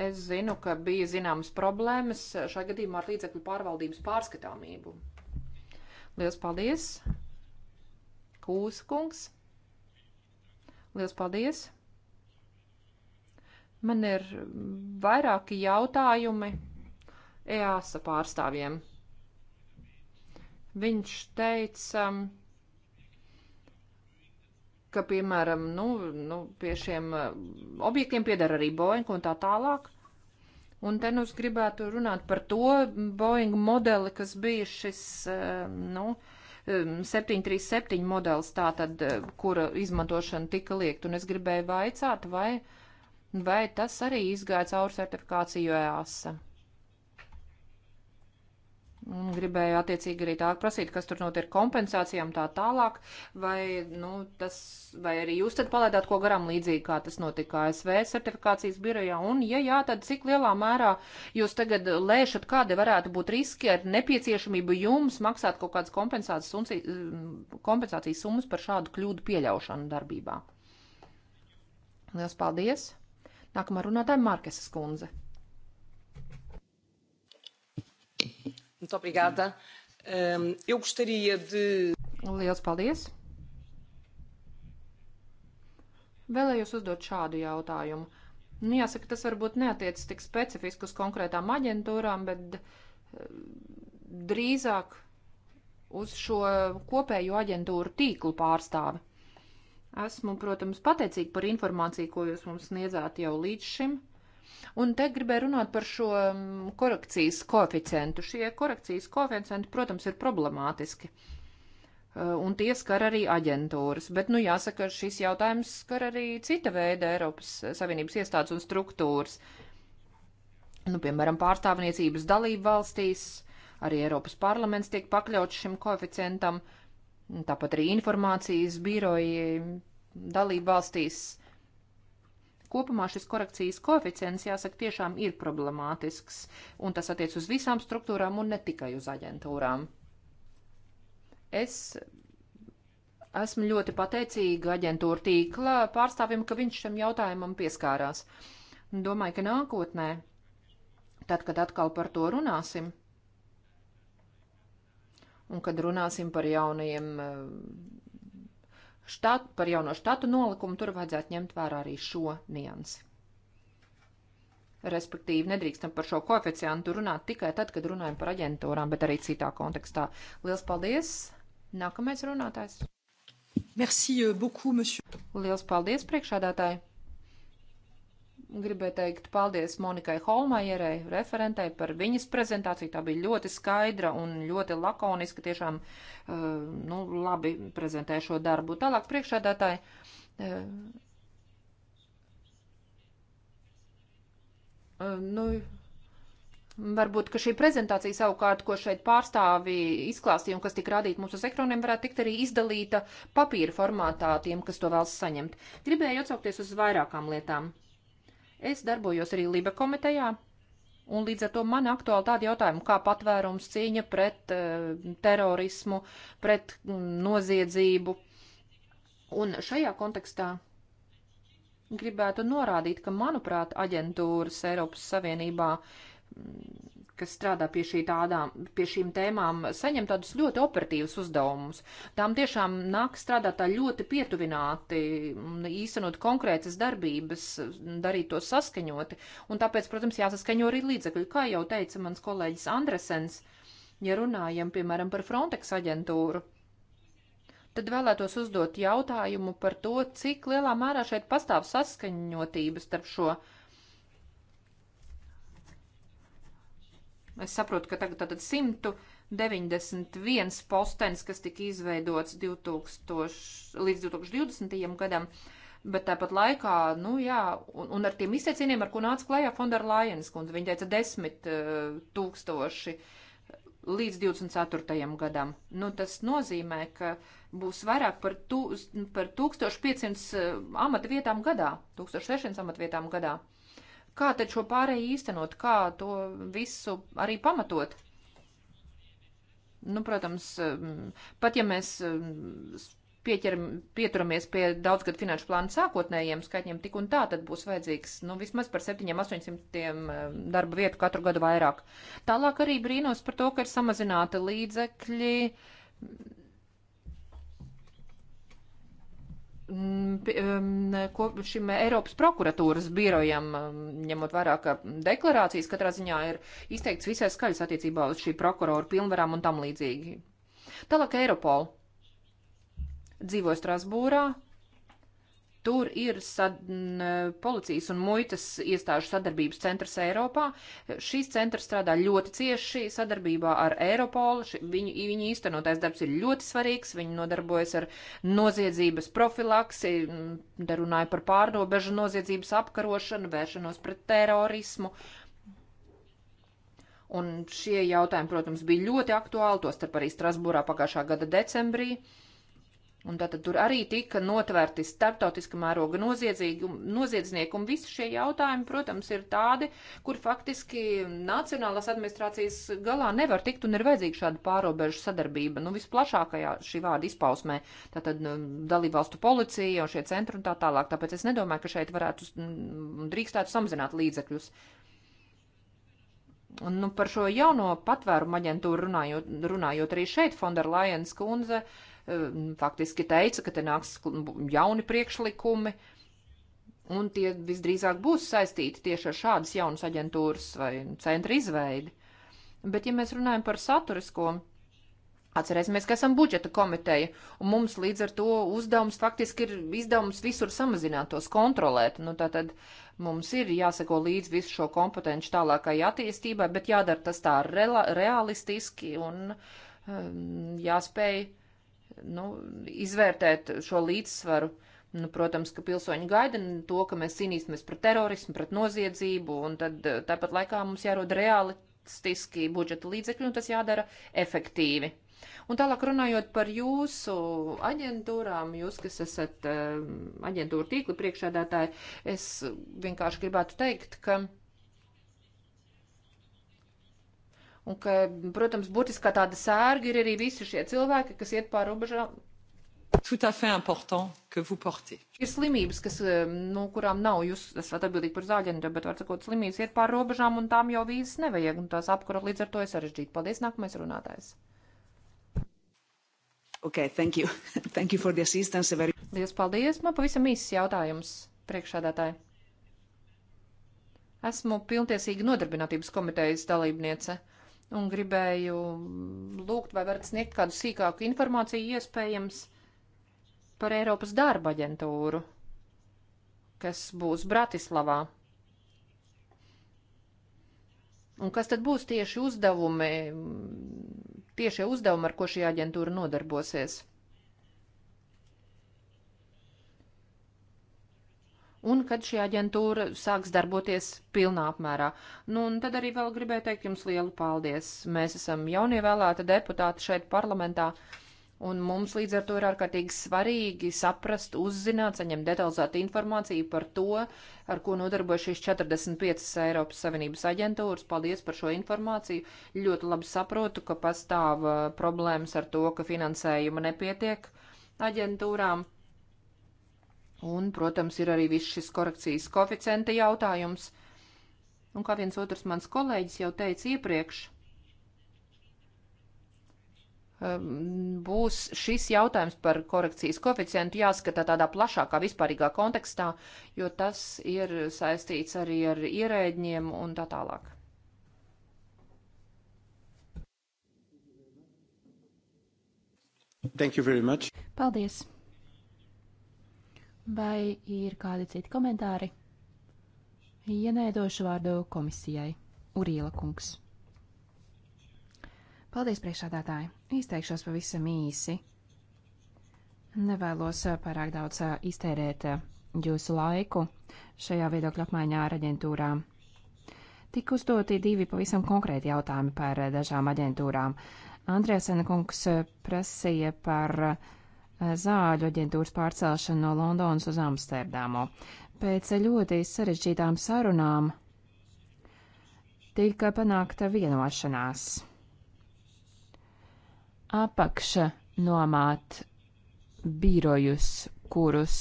Es zinu, ka bija zināmas problēmas šajā gadījumā ar līdzekļu pārvaldības pārskatāmību. Liels paldies! Kūsa kungs! Liels paldies! Man ir vairāki jautājumi EASA pārstāvjiem. Viņš teica, ka, piemēram, nu, nu, pie šiem eh, objektiem piedara arī Boeing un tā tālāk. Un te nu es gribētu runāt par to Boeing modeli, kas bija šis, eh, nu, 737 eh, modelis, tātad, eh, kura izmantošana tika liekt. Un es gribēju vaicāt, vai, vai tas arī izgāja cauri certifikāciju EASA. Un gribēju attiecīgi arī tā prasīt, kas tur notiek kompensācijām tā tālāk, vai, nu, tas, vai arī jūs tad palaidāt ko garām līdzīgi, kā tas notika ASV certifikācijas birojā, un, ja jā, tad cik lielā mērā jūs tagad lēšat, kādi varētu būt riski ar nepieciešamību jums maksāt kaut kādas kompensācijas, sums, mm, kompensācijas summas par šādu kļūdu pieļaušanu darbībā? Lielas paldies! Nākamā runātāja Markesa skundze. Muito obrigada. Um, eu gostaria de. Lielas paldies! Vēlējos uzdot šādu jautājumu. Nu, jāsaka, tas varbūt neatiecas tik specifiski uz konkrētām aģentūrām, bet eh, drīzāk uz šo kopējo aģentūru tīklu pārstāvi. Esmu, protams, pateicīga par informāciju, ko jūs mums sniedzāt jau līdz šim. Uh, Un te gribēju runāt par šo mm, korekcijas koeficientu. Šie korekcijas koeficienti, protams, ir problemātiski. Uh, un tie skar arī aģentūras. Bet, nu, jāsaka, šis jautājums skar arī cita veida Eiropas Savienības iestādes un struktūras. Nu, piemēram, pārstāvniecības dalība valstīs, arī Eiropas parlaments tiek pakļauts šim koeficientam, tāpat arī informācijas biroji dalība valstīs Kopumā šis korekcijas koeficients, jāsaka, tiešām ir problemātisks, un tas attiec uz visām struktūrām un ne tikai uz aģentūrām. Es esmu ļoti pateicīga aģentūra tīkla pārstāvim, ka viņš šim jautājumam pieskārās. Domāju, ka nākotnē, tad, kad atkal par to runāsim, un kad runāsim par jaunajiem štat, par jauno štatu nolikumu, tur vajadzētu ņemt vērā arī šo niansi. Respektīvi, nedrīkstam par šo koeficientu runāt tikai tad, kad runājam par aģentūrām, bet arī citā kontekstā. Lielas paldies! Nākamais runātājs. Merci euh, beaucoup, monsieur. Lielas paldies, priekšādātāji! gribēju teikt paldies Monikai Holmajerai, referentai par viņas prezentāciju. Tā bija ļoti skaidra un ļoti lakoniska, tiešām eh, nu, labi prezentēja šo darbu. Tālāk priekšādātāji. Eh, eh, nu, Varbūt, ka šī prezentācija savukārt, ko šeit pārstāvi izklāstīja un kas tika rādīta mūsu uz ekraniem, varētu tikt arī izdalīta papīra formātā tiem, kas to vēlas saņemt. Gribēju atsaukties uz vairākām lietām. Es darbojos arī Liba komitejā, un līdz ar to man aktuāli tādi jautājumi kā patvērums, cīņa pret uh, terorismu, pret mm, noziedzību. Un šajā kontekstā gribētu norādīt, ka, manuprāt, aģentūras Eiropas Savienībā mm, kas strādā pie, šī tādām, pie šīm tēmām, saņem tādus ļoti operatīvus uzdevumus. Tām tiešām nāk strādāt tā ļoti pietuvināti, īstenot konkrētas darbības, darīt to saskaņoti, un tāpēc, protams, jāsaskaņo arī līdzekļi. Kā jau teica mans kolēģis Andresens, ja runājam, piemēram, par Frontex aģentūru, tad vēlētos uzdot jautājumu par to, cik lielā mērā šeit pastāv saskaņotības starp šo uh, Es saprotu, ka tagad tātad 191 postenis, kas tika izveidots 2000, līdz 2020. gadam, bet tāpat laikā, nu jā, un, un ar tiem izteicieniem, ar ko nāca klajā Fonda Lajens kundze, viņa teica 10 eh, tūkstoši līdz 24. gadam. Nu, tas nozīmē, ka būs vairāk par, tū, par 1500 eh, amatvietām gadā, 1600 amatvietām gadā. Kā tad šo pārēju īstenot, kā to visu arī pamatot? Nu, protams, um, pat ja mēs um, pieķeram, pieturamies pie daudzgad finanšu plāna sākotnējiem skaitļiem, tik un tā tad būs vajadzīgs, nu, vismaz par 700-800 um, darba vietu katru gadu vairāk. Tālāk arī brīnos par to, ka ir samazināti līdzekļi Mm, mm, šim Eiropas prokuratūras birojam, mm, ņemot vērā, ka deklarācijas katrā ziņā ir izteikts visai skaļas attiecībā uz šī prokurora pilnvarām un tam līdzīgi. Tālāk Eiropola dzīvo Strasbūrā, Tur ir sad, n, policijas un muitas iestāžu sadarbības centrs Eiropā. Šīs centrs strādā ļoti cieši sadarbībā ar Eiropolu. Viņu, viņu īstenotais darbs ir ļoti svarīgs. Viņi nodarbojas ar noziedzības profilaksi, runāja par pārdobežu noziedzības apkarošanu, vēršanos pret terorismu. Un šie jautājumi, protams, bija ļoti aktuāli, tostarp arī Strasbūrā pagājušā gada decembrī. Uh, Un tātad tur arī tika notvērti starptautiska mēroga noziedznieki, un visi šie jautājumi, protams, ir tādi, kur faktiski nacionālās administrācijas galā nevar tikt un ir vajadzīga šāda pārobežu sadarbība, nu, visplašākajā šī vārda izpausmē, tātad um, dalībvalstu policija un šie centri un tā tālāk. Tāpēc es nedomāju, ka šeit varētu un drīkstētu samazināt līdzekļus. Un, nu, par šo jauno patvērumu aģentūru runājot, runājot arī šeit, Fonda Lajens kundze. Uh, Ehm, faktiski teica, ka te nāks jauni priekšlikumi, un tie visdrīzāk būs saistīti tieši ar šādas jaunas aģentūras vai centra izveidi. Bet, ja mēs runājam par saturisko, Atcerēsimies, ka esam budžeta komiteja, un mums līdz ar to uzdevums faktiski ir izdevums visur samazināt, tos kontrolēt. Nu, tātad mums ir jāseko līdz visu šo kompetenci tālākai attīstībai, bet jādara tas tā realistiski un um, jāspēj uh, nu, izvērtēt šo līdzsvaru. Nu, protams, ka pilsoņi gaida to, ka mēs cīnīsimies pret terorismu, pret noziedzību, un tad eh, tāpat laikā mums jārod realistiski budžeta līdzekļi, un tas jādara efektīvi. Un tālāk runājot par jūsu aģentūrām, jūs, kas esat eh, aģentūra tīkla priekšādātāji, es vienkārši gribētu teikt, ka. Un ka, protams, būtiskā tāda sērga ir arī visi šie cilvēki, kas iet pāri robežām. Ir slimības, kas, eh, nu, kurām nav, jūs esat atbildīgi par zāģendu, bet, var sakot, slimības iet pāri robežām un tām jau vīzes nevajag, un tās apkurot līdz ar to ir sarežģīti. Paldies, nākamais runātājs. Ok, thank you. thank you for the assistance. Very... Liels paldies, man pavisam īsts jautājums priekšādātāji. Esmu pilntiesīga nodarbinātības komitejas dalībniece un gribēju lūgt, vai varat sniegt kādu sīkāku informāciju iespējams par Eiropas darba aģentūru, kas būs Bratislavā. Un kas tad būs tieši uzdevumi, tiešie uzdevumi, ar ko šī aģentūra nodarbosies? un kad šī aģentūra sāks darboties pilnā apmērā. Nu, un tad arī vēl gribēju teikt jums lielu paldies. Mēs esam jaunievēlēta deputāta šeit parlamentā. Un mums līdz ar to ir ārkārtīgi svarīgi saprast, uzzināt, saņemt detalizētu informāciju par to, ar ko nodarbojas šīs 45 Eiropas Savienības aģentūras. Paldies par šo informāciju. Ļoti labi saprotu, ka pastāv eh, problēmas ar to, ka finansējuma nepietiek aģentūrām. Un, protams, ir arī viss šis korekcijas koeficienta jautājums. Un kā viens otrs mans kolēģis jau teica iepriekš, um, būs šis jautājums par korekcijas koeficientu jāskatā tādā plašākā, vispārīgā kontekstā, jo tas ir saistīts arī ar ierēģiem un tā tālāk. Thank you very much. Paldies. Vai ir kādi citi komentāri? Ja nē, došu vārdu komisijai. Uriela kungs. Paldies, priekšādātāji. Izteikšos pavisam īsi. Nevēlos eh, pārāk daudz eh, iztērēt eh, jūsu laiku šajā viedokļa apmaiņā ar aģentūrām. Tik uzdoti divi pavisam konkrēti jautājumi par dažām aģentūrām. Andrēsena kungs prasīja par uh, Eh, zāļu aģentūras pārcelšanu no Londonas uz Amsterdamu. Pēc ļoti sarežģītām sarunām tika panākta vienošanās. Apakša nomāt birojus, kurus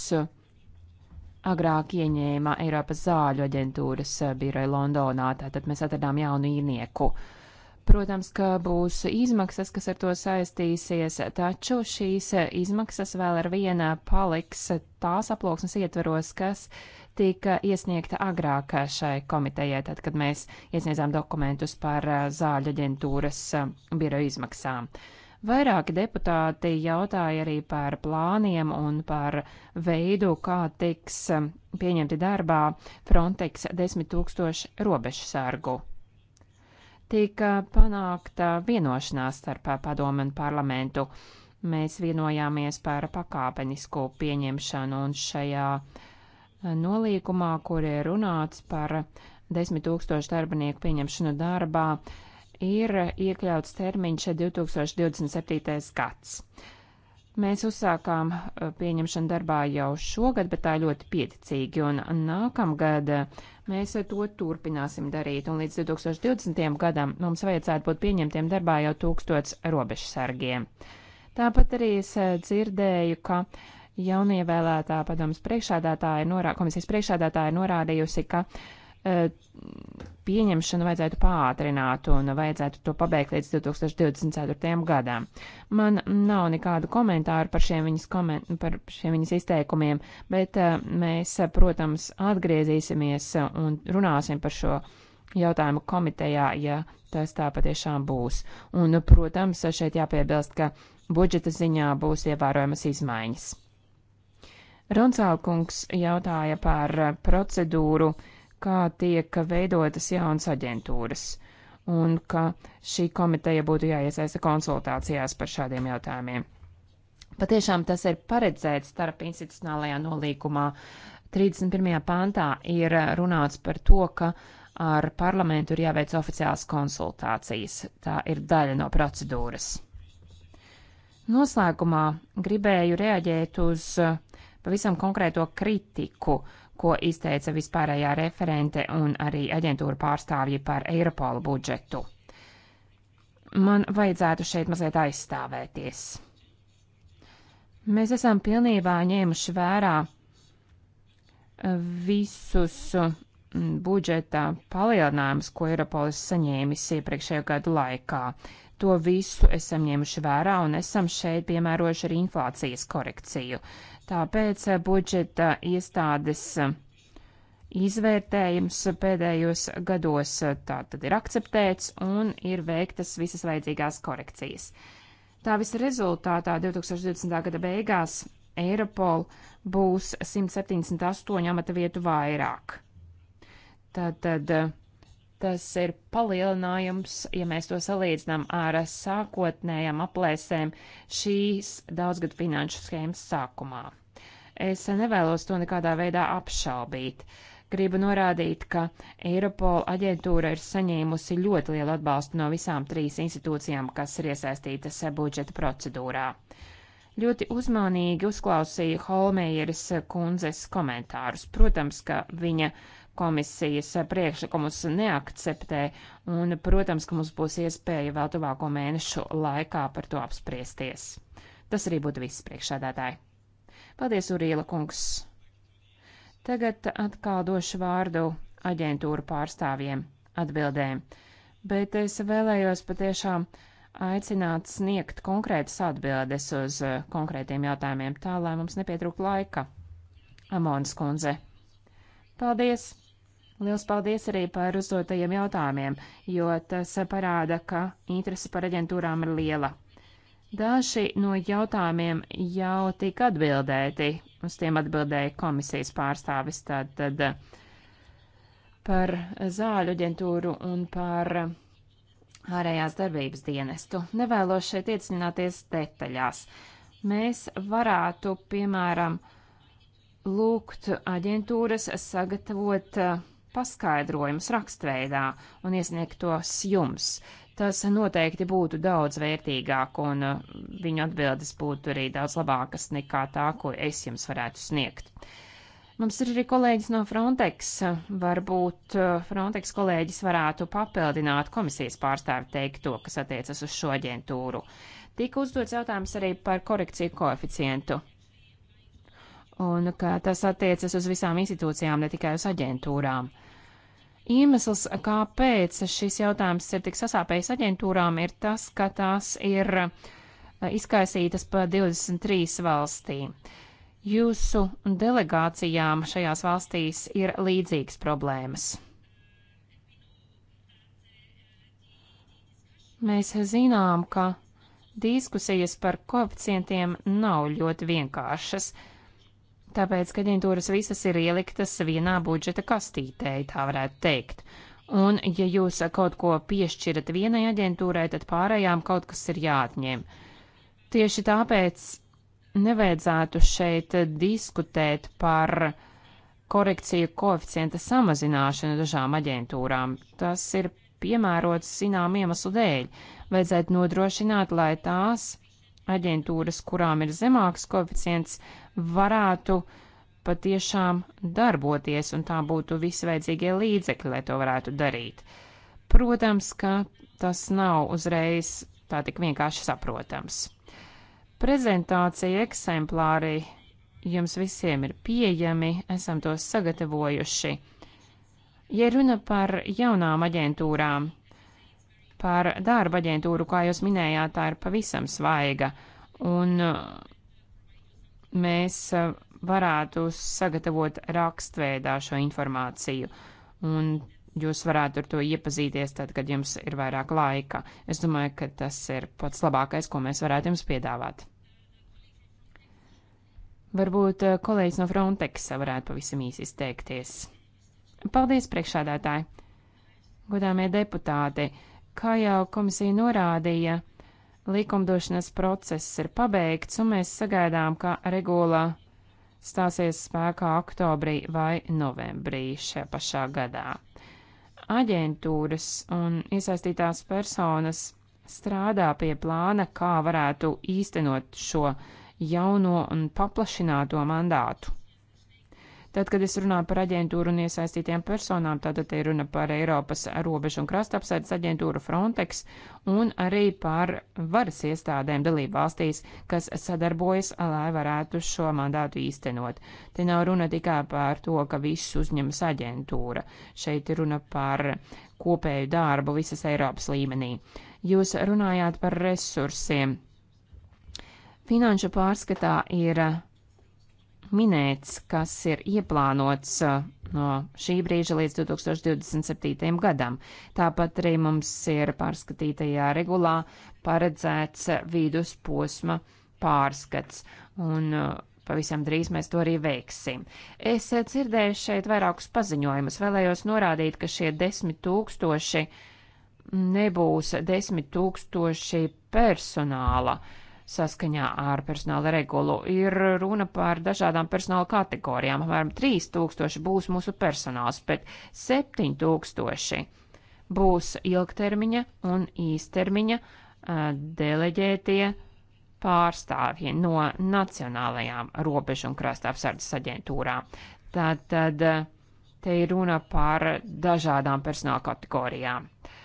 agrāk ieņēma Eiropas zāļu aģentūras eh, biroja Londonā, tātad mēs atradām jaunu īnieku. Uh, Protams, ka būs izmaksas, kas ar to saistīsies, taču šīs izmaksas vēl ar vienā paliks tās aploksnes ietveros, kas tika iesniegta agrāk šai komitejai, tad, kad mēs iesniedzām dokumentus par zāļu aģentūras biroju izmaksām. Vairāki deputāti jautāja arī par plāniem un par veidu, kā tiks pieņemti darbā Frontex 10 tūkstoši robežu sargu tika panākta vienošanās starp padomu un parlamentu. Mēs vienojāmies par pakāpenisku pieņemšanu un šajā nolīkumā, kur ir runāts par desmit tūkstošu darbinieku pieņemšanu darbā, ir iekļauts termiņš 2027. gads. Mēs uzsākām uh, pieņemšanu darbā jau šogad, bet tā ļoti pieticīgi, un nākamgad Mēs to turpināsim darīt, un līdz 2020. gadam mums vajadzētu būt pieņemtiem darbā jau tūkstots robežsargiem. Tāpat arī es eh, dzirdēju, ka jaunievēlētā padomas priekšādātāja, norā, komisijas priekšādātāja norādījusi, ka uh, Eh, pieņemšanu vajadzētu pātrināt un vajadzētu to pabeigt līdz 2024. gadam. Man nav nekādu komentāru par šiem viņas, komen par šiem viņas izteikumiem, bet eh, mēs, protams, atgriezīsimies un runāsim par šo jautājumu komitejā, ja tas tā patiešām būs. Un, protams, šeit jāpiebilst, ka budžeta ziņā būs ievērojamas izmaiņas. Roncālkungs jautāja par procedūru uh, kā tiek veidotas jaunas aģentūras un ka šī komiteja būtu jāiesaista konsultācijās par šādiem jautājumiem. Patiešām tas ir paredzēts starp institucionālajā nolīkumā. 31. pantā ir runāts par to, ka ar parlamentu ir jāveic oficiāls konsultācijas. Tā ir daļa no procedūras. Noslēgumā gribēju reaģēt uz pavisam konkrēto kritiku, uh, ko izteica vispārējā referente un arī aģentūra pārstāvji par Eiropolu budžetu. Man vajadzētu šeit mazliet aizstāvēties. Mēs esam pilnībā ņēmuši vērā eh, visus mm, budžeta palielinājumus, ko Eiropolis saņēmis iepriekšējo gadu laikā. To visu esam ņēmuši vērā un esam šeit piemērojuši arī inflācijas korekciju. Uh, Tāpēc eh, budžeta iestādes eh, izvērtējums pēdējos gados eh, tātad ir akceptēts un ir veiktas visas vajadzīgās korekcijas. Tā visa rezultātā 2020. gada beigās Eiropol būs 178 amata vietu vairāk. Tātad Tas ir palielinājums, ja mēs to salīdzinām ar sākotnējām aplēsēm šīs daudzgadu finanšu schēmas sākumā. Es nevēlos to nekādā veidā apšaubīt. Gribu norādīt, ka Eiropola aģentūra ir saņēmusi ļoti lielu atbalstu no visām trīs institūcijām, kas ir iesaistītas budžeta procedūrā. Ļoti uzmanīgi uzklausīju Holmējeras kundzes komentārus. Protams, ka viņa komisijas priekšlikumus neakceptē, un, protams, ka mums būs iespēja vēl tuvāko mēnešu laikā par to apspriesties. Tas arī būtu viss priekšādātāji. Paldies, Urīla kungs! Tagad atkal došu vārdu aģentūru pārstāvjiem atbildēm, bet es vēlējos patiešām aicināt sniegt konkrētas atbildes uz konkrētiem jautājumiem tā, lai mums nepietrūk laika. Amons kundze. Paldies! Liels paldies arī par uzdotajiem jautājumiem, jo tas parāda, ka interese par aģentūrām ir liela. Daži no jautājumiem jau tika atbildēti, uz tiem atbildēja komisijas pārstāvis, tad, tad par zāļu aģentūru un par ārējās darbības dienestu. Nevēlos šeit iecināties detaļās. Mēs varētu, piemēram, lūgt aģentūras sagatavot uh, paskaidrojumus rakstveidā un iesniegt tos jums. Tas noteikti būtu daudz vērtīgāk un uh, viņu atbildes būtu arī daudz labākas nekā tā, ko es jums varētu sniegt. Mums ir arī kolēģis no Frontex. Varbūt uh, Frontex kolēģis varētu papildināt komisijas pārstāvi teikto, kas attiecas uz šo aģentūru. Tika uzdots jautājums arī par korekciju koeficientu. Un ka tas attiecas uz visām institūcijām, ne tikai uz aģentūrām. Iemesls, kāpēc šis jautājums ir tik sasāpējis aģentūrām, ir tas, ka tās ir eh, izkaisītas pa 23 valstī. Jūsu delegācijām šajās valstīs ir līdzīgas problēmas. Mēs zinām, ka diskusijas par koeficientiem nav ļoti vienkāršas. Tāpēc, ka aģentūras visas ir ieliktas vienā budžeta kastītē, tā varētu teikt. Un, ja jūs kaut ko piešķirat vienai aģentūrai, tad pārējām kaut kas ir jāatņem. Tieši tāpēc nevajadzētu šeit diskutēt par korekciju koeficienta samazināšanu dažām aģentūrām. Tas ir piemērots zinām iemeslu dēļ. Vajadzētu nodrošināt, lai tās aģentūras, kurām ir zemāks koeficients, varētu patiešām darboties, un tā būtu visi vajadzīgie līdzekļi, lai to varētu darīt. Protams, ka tas nav uzreiz tā tik vienkārši saprotams. Prezentācija eksemplāri jums visiem ir pieejami, esam tos sagatavojuši. Ja runa par jaunām aģentūrām, Par darba aģentūru, kā jūs minējāt, tā ir pavisam svaiga, un uh, mēs uh, varētu sagatavot rakstveidā šo informāciju, un jūs varētu ar to iepazīties tad, kad jums ir vairāk laika. Es domāju, ka tas ir pats labākais, ko mēs varētu jums piedāvāt. Varbūt uh, kolēģis no Frontexa varētu pavisam īsi izteikties. Paldies, priekšādātāji! Godāmie deputāti! Kā jau komisija norādīja, likumdošanas process ir pabeigts, un mēs sagaidām, ka regulā stāsies spēkā oktobrī vai novembrī šajā pašā gadā. Aģentūras un iesaistītās personas strādā pie plāna, kā varētu īstenot šo jauno un paplašināto mandātu. Tad, kad es runāju par aģentūru un iesaistītiem personām, tātad te ir runa par Eiropas robežu un krastapsardzes aģentūru Frontex un arī par varas iestādēm dalību valstīs, kas sadarbojas, lai varētu šo mandātu īstenot. Te nav runa tikai par to, ka visus uzņemas aģentūra. Šeit ir runa par kopēju darbu visas Eiropas līmenī. Jūs runājāt par resursiem. Finanšu pārskatā ir minēts, kas ir ieplānots uh, no šī brīža līdz 2027. gadam. Tāpat arī mums ir pārskatītajā regulā paredzēts vidusposma pārskats, un uh, pavisam drīz mēs to arī veiksim. Es uh, dzirdēju šeit vairākus paziņojumus, vēlējos norādīt, ka šie desmit tūkstoši nebūs desmit tūkstoši personāla. Uh, saskaņā ar personāla regulu. Ir runa par dažādām personāla kategorijām. Apmēram 3000 būs mūsu personāls, bet 7000 būs ilgtermiņa un īstermiņa eh, deleģētie pārstāvji no nacionālajām robežu un krasta apsardzes aģentūrām. Tātad eh, te ir runa par dažādām personāla kategorijām. Uh,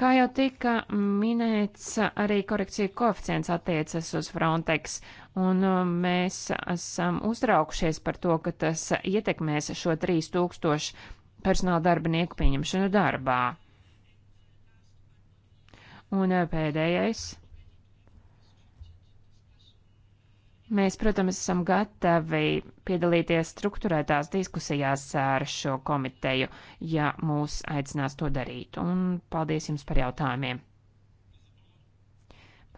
Kā jau tika minēts, arī korekcija koeficients attiecas uz Frontex, un um, mēs esam uztraukušies par to, ka tas ietekmēs šo 3000 personāla darbinieku pieņemšanu darbā. Un uh, pēdējais. Mēs, protams, esam gatavi piedalīties struktūrētās diskusijās ar šo komiteju, ja mūs aicinās to darīt. Un paldies jums par jautājumiem.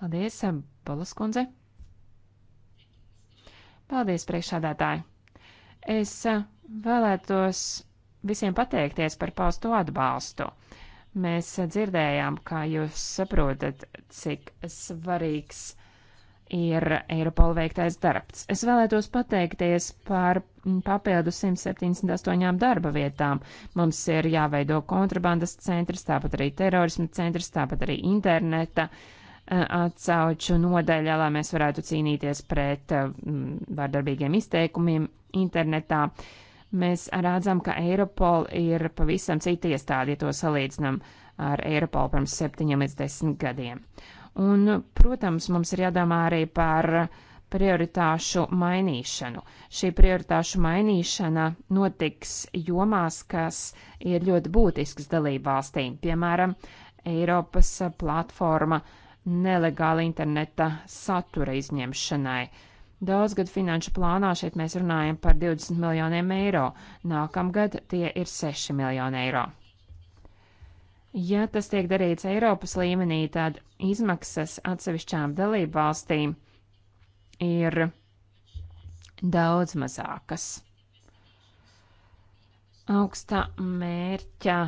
Paldies, Bolas kundze. Paldies, priekšādātāji. Es vēlētos visiem pateikties par pausto atbalstu. Mēs dzirdējām, kā jūs saprotat, cik svarīgs ir ir Eiropola veiktais darbs. Es vēlētos pateikties par papildu 178 darba vietām. Mums ir jāveido kontrabandas centrs, tāpat arī terorisma centrs, tāpat arī interneta eh, atsauču nodaļa, lai mēs varētu cīnīties pret eh, vārdarbīgiem izteikumiem internetā. Mēs redzam, ka Eiropol ir pavisam cita iestāde, ja to salīdzinām ar Eiropolu pirms septiņiem līdz desmit gadiem. Uh, Un, protams, mums ir jādomā arī par prioritāšu mainīšanu. Šī prioritāšu mainīšana notiks jomās, kas ir ļoti būtisks dalībvalstīm, piemēram, Eiropas platforma nelegāla interneta satura izņemšanai. Daudzgad finanšu plānā šeit mēs runājam par 20 miljoniem eiro, nākamgad tie ir 6 miljoni eiro. Ja tas tiek darīts Eiropas līmenī, tad izmaksas atsevišķām dalību valstīm ir daudz mazākas. Augsta mērķa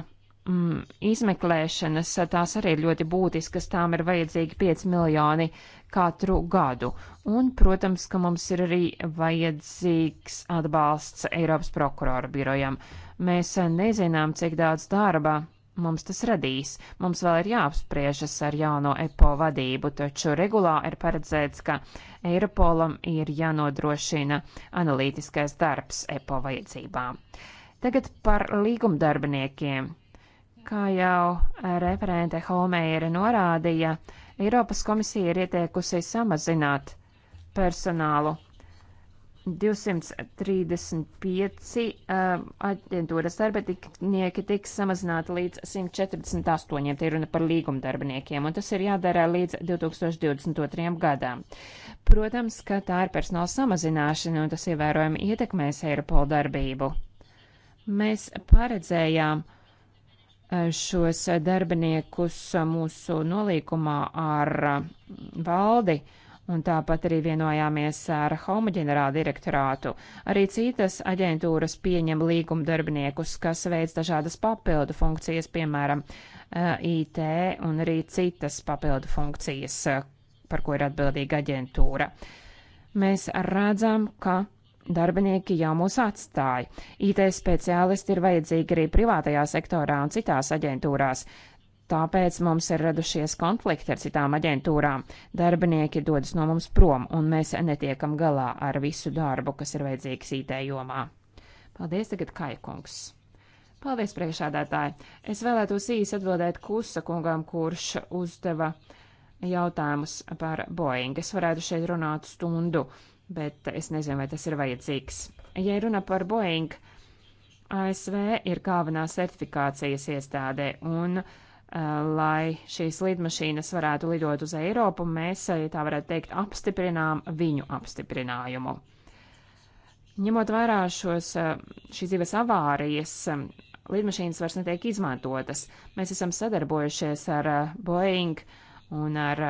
mm, izmeklēšanas, tās arī ir ļoti būtiskas, tām ir vajadzīgi 5 miljoni katru gadu. Un, protams, ka mums ir arī vajadzīgs atbalsts Eiropas prokurora birojam. Mēs nezinām, cik daudz darba mums tas radīs. Mums vēl ir jāapspriežas ar jauno EPO vadību, taču regulā ir paredzēts, ka Eiropolam ir jānodrošina analītiskais darbs EPO vajadzībām. Tagad par līgumdarbiniekiem. Kā jau referente Holmēra norādīja, Eiropas komisija ir ieteikusi samazināt personālu 235 uh, aģentūras darbinieki tiks samazināti līdz 148, tie runa par līgumdarbiniekiem, un tas ir jādara līdz 2022. gadām. Protams, ka tā ir personāla samazināšana, un tas ievērojami ietekmēs Eiropola darbību. Mēs paredzējām uh, šos darbiniekus mūsu nolīkumā ar uh, valdi. Uh, Un tāpat arī vienojāmies ar Home ģenerāla direktorātu. Arī citas aģentūras pieņem līguma darbiniekus, kas veic dažādas papildu funkcijas, piemēram, eh, IT un arī citas papildu funkcijas, eh, par ko ir atbildīga aģentūra. Mēs redzam, ka darbinieki jau mūs atstāja. IT speciālisti ir vajadzīgi arī privātajā sektorā un citās aģentūrās. Tāpēc mums ir radušies konflikti ar citām aģentūrām. Darbinieki dodas no mums prom, un mēs netiekam galā ar visu darbu, kas ir vajadzīgs IT jomā. Paldies, tagad Kaikungs. Paldies, priekšādātāji. Es vēlētos īsi atbildēt Kusa kungam, kurš uzdeva jautājumus par Boeing. Es varētu šeit runāt stundu, bet es nezinu, vai tas ir vajadzīgs. Ja runa par Boeing, ASV ir galvenā certifikācijas iestādē, un uh, Eh, lai šīs lidmašīnas varētu lidot uz Eiropu, mēs, ja eh, tā varētu teikt, apstiprinām viņu apstiprinājumu. Ņemot vērā šos, eh, šīs divas avārijas, lidmašīnas vairs netiek izmantotas. Mēs esam sadarbojušies ar Boeing un ar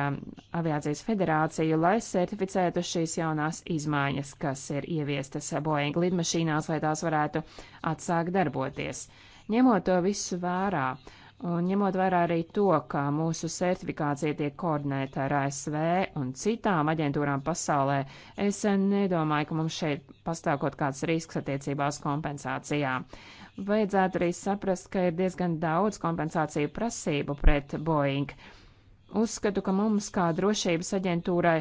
Aviācijas federāciju, lai certificētu šīs jaunās izmaiņas, kas ir ieviestas Boeing lidmašīnās, lai tās varētu atsākt darboties. Ņemot to visu vērā, uh, Un ņemot vērā arī to, ka mūsu certifikācija tiek koordinēta ar ASV un citām aģentūrām pasaulē, es nedomāju, ka mums šeit pastāv kaut kāds risks attiecībās kompensācijā. Vajadzētu arī saprast, ka ir diezgan daudz kompensāciju prasību pret Boeing. Uzskatu, ka mums kā drošības aģentūrai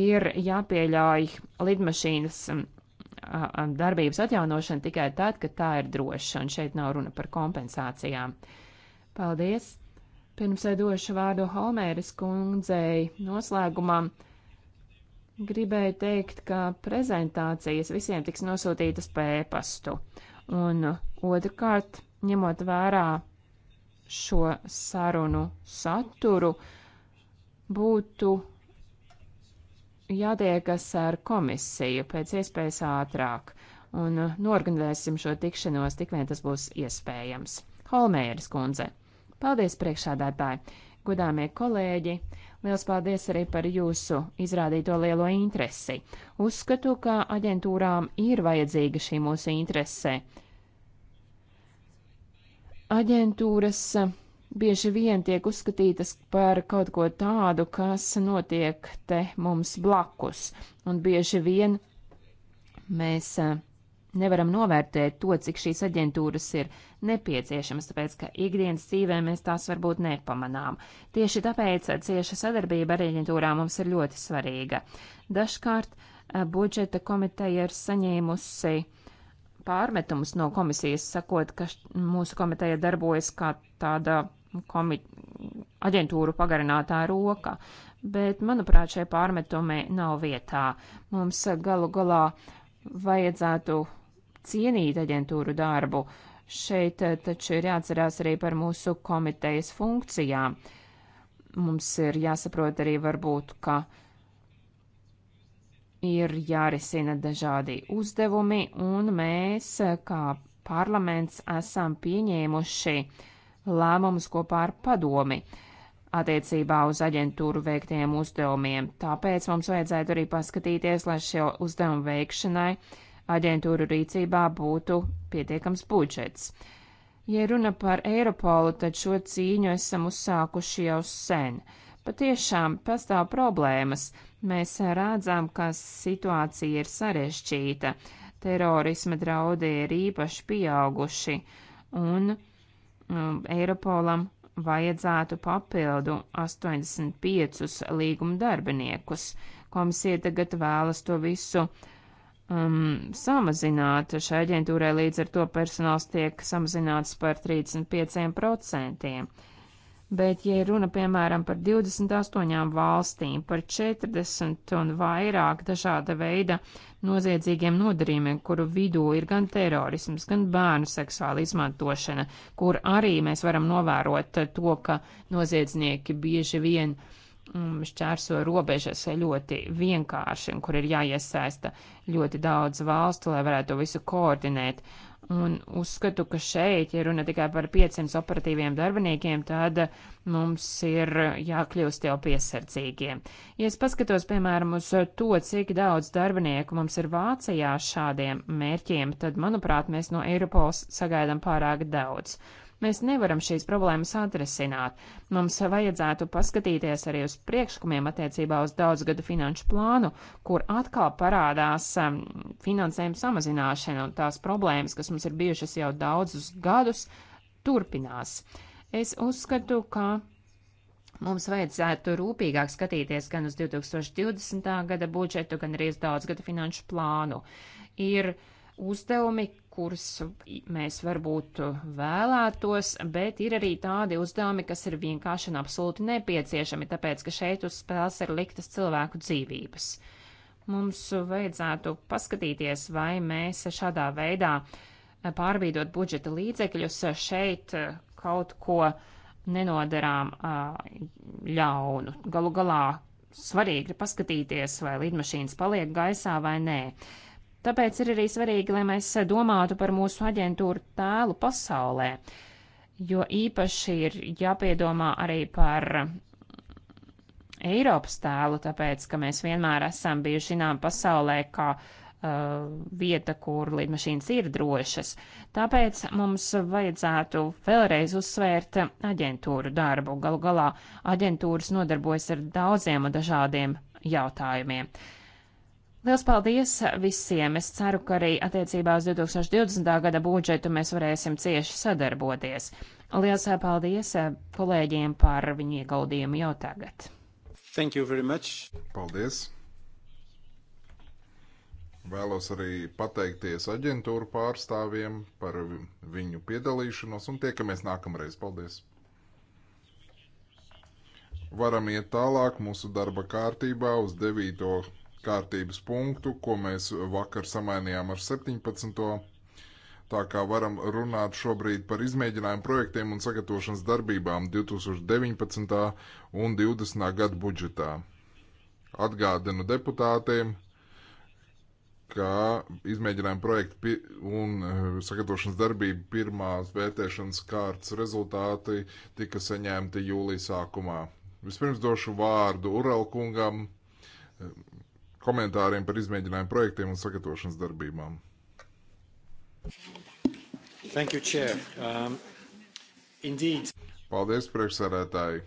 ir jāpieļauj lidmašīnas mm, darbības atjaunošana tikai tad, kad tā ir droša, un šeit nav runa par kompensācijām. Uh, Paldies! Pirms es došu vārdu Holmēras kundzei noslēgumam, gribēju teikt, ka prezentācijas visiem tiks nosūtītas pēpastu. Un otrkārt, ņemot vērā šo sarunu saturu, būtu jātiekas ar komisiju pēc iespējas ātrāk, un norganizēsim šo tikšanos, tik vien tas būs iespējams. Holmēras kundze. Paldies, priekšādātāji! Godāmie kolēģi! Liels paldies arī par jūsu izrādīto lielo interesi. Uzskatu, ka aģentūrām ir vajadzīga šī mūsu interese. Aģentūras eh, bieži vien tiek uzskatītas par kaut ko tādu, kas notiek te mums blakus, un bieži vien mēs uh, nevaram novērtēt to, cik šīs aģentūras ir nepieciešamas, tāpēc, ka ikdienas dzīvē mēs tās varbūt nepamanām. Tieši tāpēc cieša sadarbība ar aģentūrām mums ir ļoti svarīga. Dažkārt budžeta komiteja ir saņēmusi pārmetumus no komisijas, sakot, ka mūsu komiteja darbojas kā tāda komi aģentūru pagarinātā roka, bet, manuprāt, šie pārmetumi nav vietā. Mums galu galā vajadzētu cienīt aģentūru darbu. Šeit eh, taču ir jāatcerās arī par mūsu komitejas funkcijām. Mums ir jāsaprot arī varbūt, ka ir jārisina dažādi uzdevumi, un mēs, eh, kā parlaments, esam pieņēmuši lēmumus kopā ar padomi attiecībā uz aģentūru veiktiem uzdevumiem. Tāpēc mums vajadzētu arī paskatīties, lai šo uzdevumu veikšanai aģentūru rīcībā būtu pietiekams budžets. Ja runa par Eiropolu, tad šo cīņu esam uzsākuši jau sen. Patiešām pastāv problēmas. Mēs rādzām, ka situācija ir sarežģīta, terorisma draudi ir īpaši pieauguši, un um, Eiropolam vajadzētu papildu 85 līguma darbiniekus. Komisija tagad vēlas to visu uh, um, samazināt. Šai aģentūrai līdz ar to personāls tiek samazināts par 35%. Bet, ja runa, piemēram, par 28 valstīm, par 40 un vairāk dažāda veida noziedzīgiem nodarījumiem, kuru vidū ir gan terorisms, gan bērnu seksuāla izmantošana, kur arī mēs varam novērot to, ka noziedznieki bieži vien uh, Mm, šķērso robežas ļoti vienkārši un kur ir jāiesaista ļoti daudz valstu, lai varētu to visu koordinēt. Un uzskatu, ka šeit, ja runa tikai par 500 operatīviem darbiniekiem, tad mums ir jākļūst jau piesardzīgiem. Ja es paskatos, piemēram, uz to, cik daudz darbinieku mums ir Vācijā šādiem mērķiem, tad, manuprāt, mēs no Eiropas sagaidām pārāk daudz. Uh, Mēs nevaram šīs problēmas atrisināt. Mums vajadzētu paskatīties arī uz priekšlikumiem attiecībā uz daudzgadu finanšu plānu, kur atkal parādās um, finansējuma samazināšana un tās problēmas, kas mums ir bijušas jau daudzus gadus, turpinās. Es uzskatu, ka mums vajadzētu rūpīgāk skatīties gan uz 2020. gada budžetu, gan arī uz daudzgada finanšu plānu. Ir uzdevumi, kurus mēs varbūt vēlētos, bet ir arī tādi uzdevumi, kas ir vienkārši un absolūti nepieciešami, tāpēc, ka šeit uz spēles ir liktas cilvēku dzīvības. Mums vajadzētu paskatīties, vai mēs šādā veidā pārbīdot budžeta līdzekļus šeit kaut ko nenodarām ļaunu. Galu galā svarīgi ir paskatīties, vai lidmašīnas paliek gaisā vai nē. Tāpēc ir arī svarīgi, lai mēs domātu par mūsu aģentūru tēlu pasaulē, jo īpaši ir jāpiedomā arī par Eiropas tēlu, tāpēc, ka mēs vienmēr esam bijuši zinām pasaulē, kā uh, vieta, kur lidmašīnas ir drošas. Tāpēc mums vajadzētu vēlreiz uzsvērt aģentūru darbu. Galu galā aģentūras nodarbojas ar daudziem un dažādiem jautājumiem. Uh, Liels paldies visiem! Es ceru, ka arī attiecībā uz 2020. gada budžetu mēs varēsim cieši sadarboties. Liels paldies kolēģiem par viņu ieguldījumu jau tagad. Thank you very much! Paldies! Vēlos arī pateikties aģentūru pārstāvjiem par viņu piedalīšanos un tiekamies nākamreiz. Paldies! Varam iet tālāk mūsu darba kārtībā uz 9 kārtības punktu, ko mēs vakar samainījām ar 17. Tā kā varam runāt šobrīd par izmēģinājumu projektiem un sagatavošanas darbībām 2019. un 20. gada budžetā. Atgādinu deputātiem, ka izmēģinājuma projekta un eh, sagatavošanas darbība pirmās vērtēšanas kārtas rezultāti tika saņemti jūlijā sākumā. Vispirms došu vārdu Uralkungam, eh, komentāriem par izmēģinājumu projektiem un sagatavošanas darbībām. Thank you, Chair. Um, indeed. Paldies, priekšsēdētāji.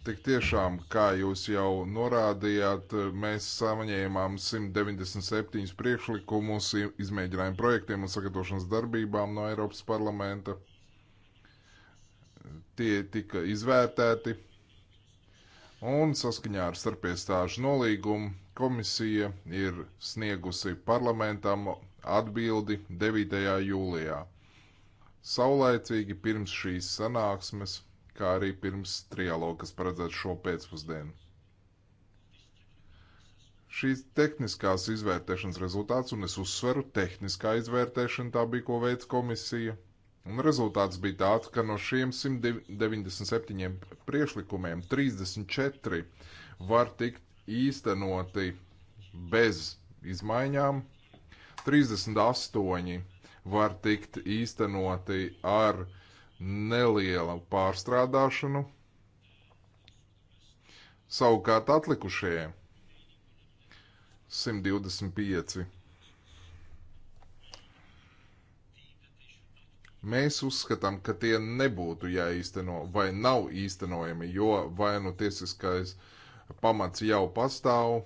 Tik tiešām, kā jūs jau norādījāt, mēs samaņēmām 197 priekšlikumus izmēģinājumu projektiem un sagatavošanas darbībām no Eiropas parlamenta. Tie tika izvērtēti un saskaņā ar starpiestāžu nolīgumu komisija ir sniegusi parlamentam atbildi 9. jūlijā. Saulēcīgi pirms šīs sanāksmes, kā arī pirms trialoga, kas paredzēts šo pēcpusdienu. Šīs tehniskās izvērtēšanas rezultāts, un es uzsveru, tehniskā izvērtēšana tā bija, ko veids komisija – Un rezultāts bija tāds, ka no šiem 197 priekšlikumiem 34 var tikt īstenoti bez izmaiņām, 38 var tikt īstenoti ar nelielu pārstrādāšanu, savukārt atlikušie 125 Mēs uzskatām, ka tie nebūtu jāīsteno vai nav īstenojami, jo vai nu tiesiskais pamats jau pastāv,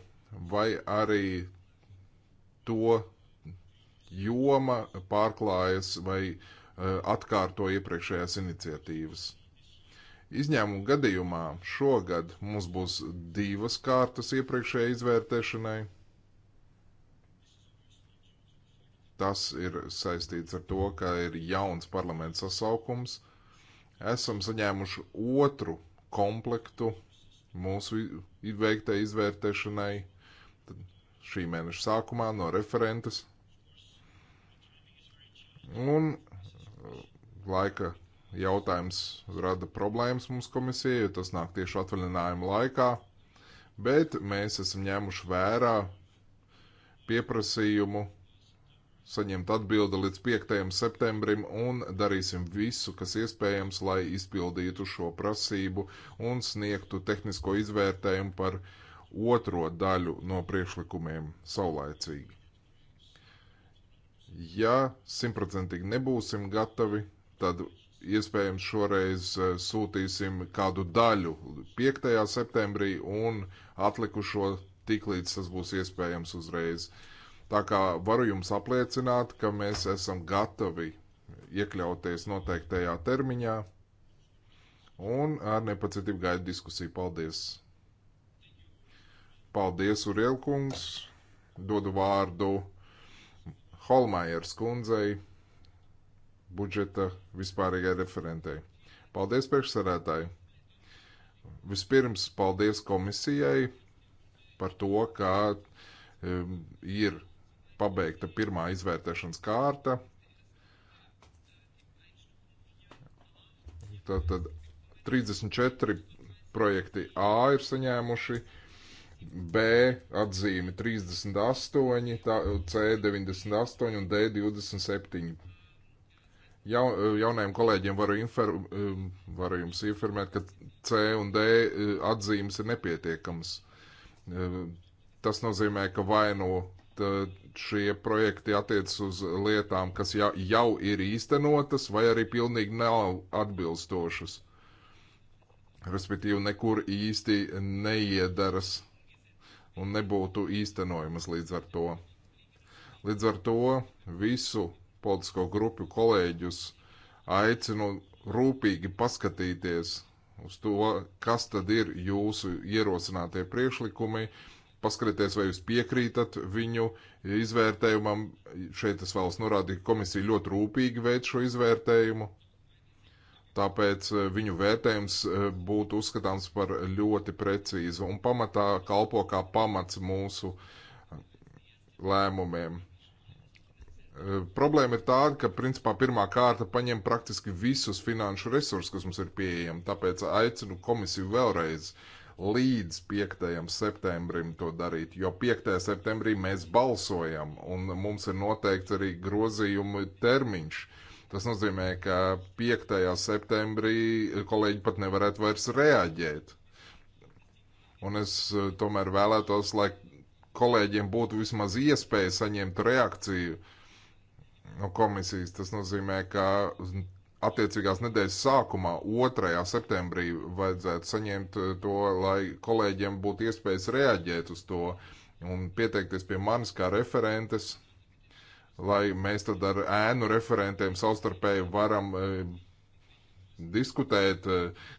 vai arī to joma pārklājas vai uh, atkārto iepriekšējās iniciatīvas. Izņēmumu gadījumā šogad mums būs divas kārtas iepriekšējai izvērtēšanai Tas ir saistīts ar to, ka ir jauns parlaments sasaukums. Esam saņēmuši otru komplektu mūsu veiktai izvērtēšanai šī mēneša sākumā no referentes. Un uh, laika jautājums rada problēmas mums komisijai, jo tas nāk tieši atvaļinājuma laikā, bet mēs esam ņēmuši vērā pieprasījumu saņemt atbildi līdz 5. septembrim un darīsim visu, kas iespējams, lai izpildītu šo prasību un sniegtu tehnisko izvērtējumu par otro daļu no priekšlikumiem saulaicīgi. Ja simtprocentīgi nebūsim gatavi, tad iespējams šoreiz eh, sūtīsim kādu daļu 5. septembrī un atlikušo tik līdz tas būs iespējams uzreiz. Uh, Tā kā varu jums apliecināt, ka mēs esam gatavi iekļauties noteiktajā termiņā un ar nepacietību gaidu diskusiju. Paldies! Paldies, Urielkungs! Dodu vārdu Holmajers kundzei, budžeta vispārīgai referentei. Paldies, priekšsarētāji! Vispirms paldies komisijai par to, ka um, ir pabeigta pirmā izvērtēšanas kārta. Tātad 34 projekti A ir saņēmuši, B atzīmi 38, tā, C 98 un D 27. Ja, jaunajiem kolēģiem varu, infer, um, varu jums informēt, ka C un D uh, atzīmes ir nepietiekamas. Uh, tas nozīmē, ka vai no šie projekti attiecas uz lietām, kas ja, jau ir īstenotas, vai arī pilnīgi nav atbilstošas. Respektīvi, nekur īsti neiedaras un nebūtu īstenojamas līdz ar to. Līdz ar to visu politisko grupu kolēģus aicinu rūpīgi paskatīties uz to, kas tad ir jūsu ierosinātie priekšlikumi, uh, paskatīties, vai jūs piekrītat viņu izvērtējumam. Šeit es vēlos norādīt, ka komisija ļoti rūpīgi veic šo izvērtējumu. Tāpēc eh, viņu vērtējums eh, būtu uzskatāms par ļoti precīzu un pamatā kalpo kā pamats mūsu eh, lēmumiem. Problēma ir tāda, ka principā pirmā kārta paņem praktiski visus finanšu resursus, kas mums ir pieejami. Tāpēc aicinu komisiju vēlreiz uh, līdz 5. septembrim to darīt, jo 5. septembrī mēs balsojam un mums ir noteikts arī grozījumu termiņš. Tas nozīmē, ka 5. septembrī kolēģi pat nevarētu vairs reaģēt. Un es eh, tomēr vēlētos, lai kolēģiem būtu vismaz iespēja saņemt reakciju no komisijas. Tas nozīmē, ka attiecīgās nedēļas sākumā, 2. septembrī, vajadzētu saņemt eh, to, lai kolēģiem būtu iespējas reaģēt uz to un pieteikties pie manis kā referentes, lai mēs tad ar ēnu referentiem savstarpēji varam e, diskutēt, e,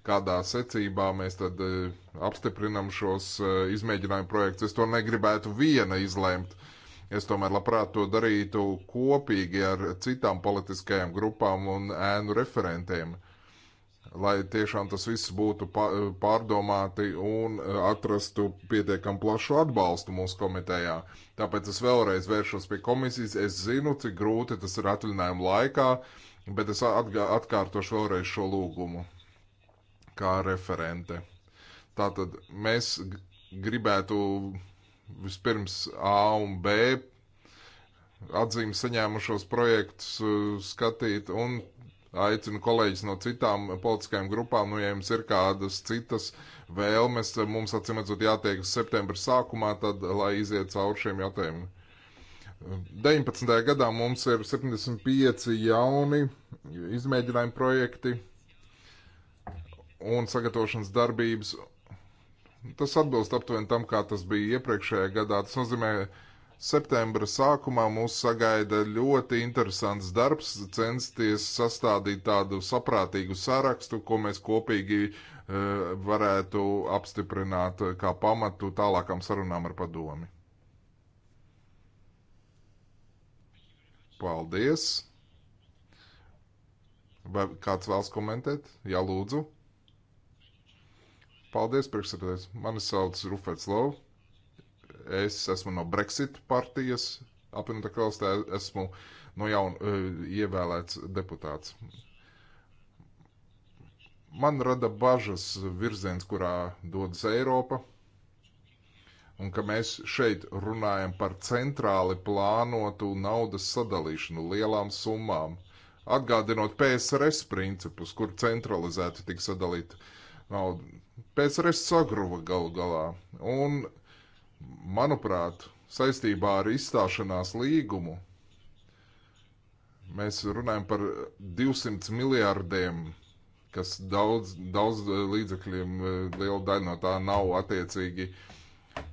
kādā secībā mēs tad e, apstiprinam šos izmēģinājumu projektus. Es to negribētu viena izlemt. Uh, Es tomēr labprāt to darītu kopīgi ar citām politiskajām grupām un ēnu referentiem, lai tiešām tas viss būtu pārdomāti un e, atrastu pietiekam plašu atbalstu mūsu komitejā. Tāpēc es vēlreiz vēršos pie komisijas. Es zinu, cik grūti tas ir atvaļinājuma laikā, bet es atkārtošu vēlreiz šo lūgumu kā referente. Tātad mēs gribētu vispirms A un B atzīmi saņēmušos projektus uh, skatīt un aicinu kolēģis no citām politiskajām grupām, nu, ja jums ir kādas citas vēlmes, mums atcīmredzot jātiek uz septembra sākumā, tad lai iziet cauri šiem jautājumiem. 19. gadā mums ir 75 jauni izmēģinājumi projekti un sagatavošanas darbības, Tas atbilst aptuveni tam, kā tas bija iepriekšējā gadā. Tas nozīmē, septembra sākumā mūs sagaida ļoti interesants darbs, censties sastādīt tādu saprātīgu sarakstu, ko mēs kopīgi e, varētu apstiprināt kā pamatu tālākam sarunām ar padomi. Paldies! Vai kāds vēlas komentēt? Jā, lūdzu! Paldies, priekšsēdētājs. Mani sauc Rufets Lov. Es esmu no Brexit partijas. Apvienotā karalistē esmu no jauna e, ievēlēts deputāts. Man rada bažas virziens, kurā dodas Eiropa, un ka mēs šeit runājam par centrāli plānotu naudas sadalīšanu lielām summām, atgādinot PSRS principus, kur centralizēti tika sadalīta nauda PSRS sagruva galu galā. Un, manuprāt, saistībā ar izstāšanās līgumu mēs runājam par 200 miljārdiem, kas daudz, daudz eh, līdzekļiem, eh, liela daļa no tā nav attiecīgi uh,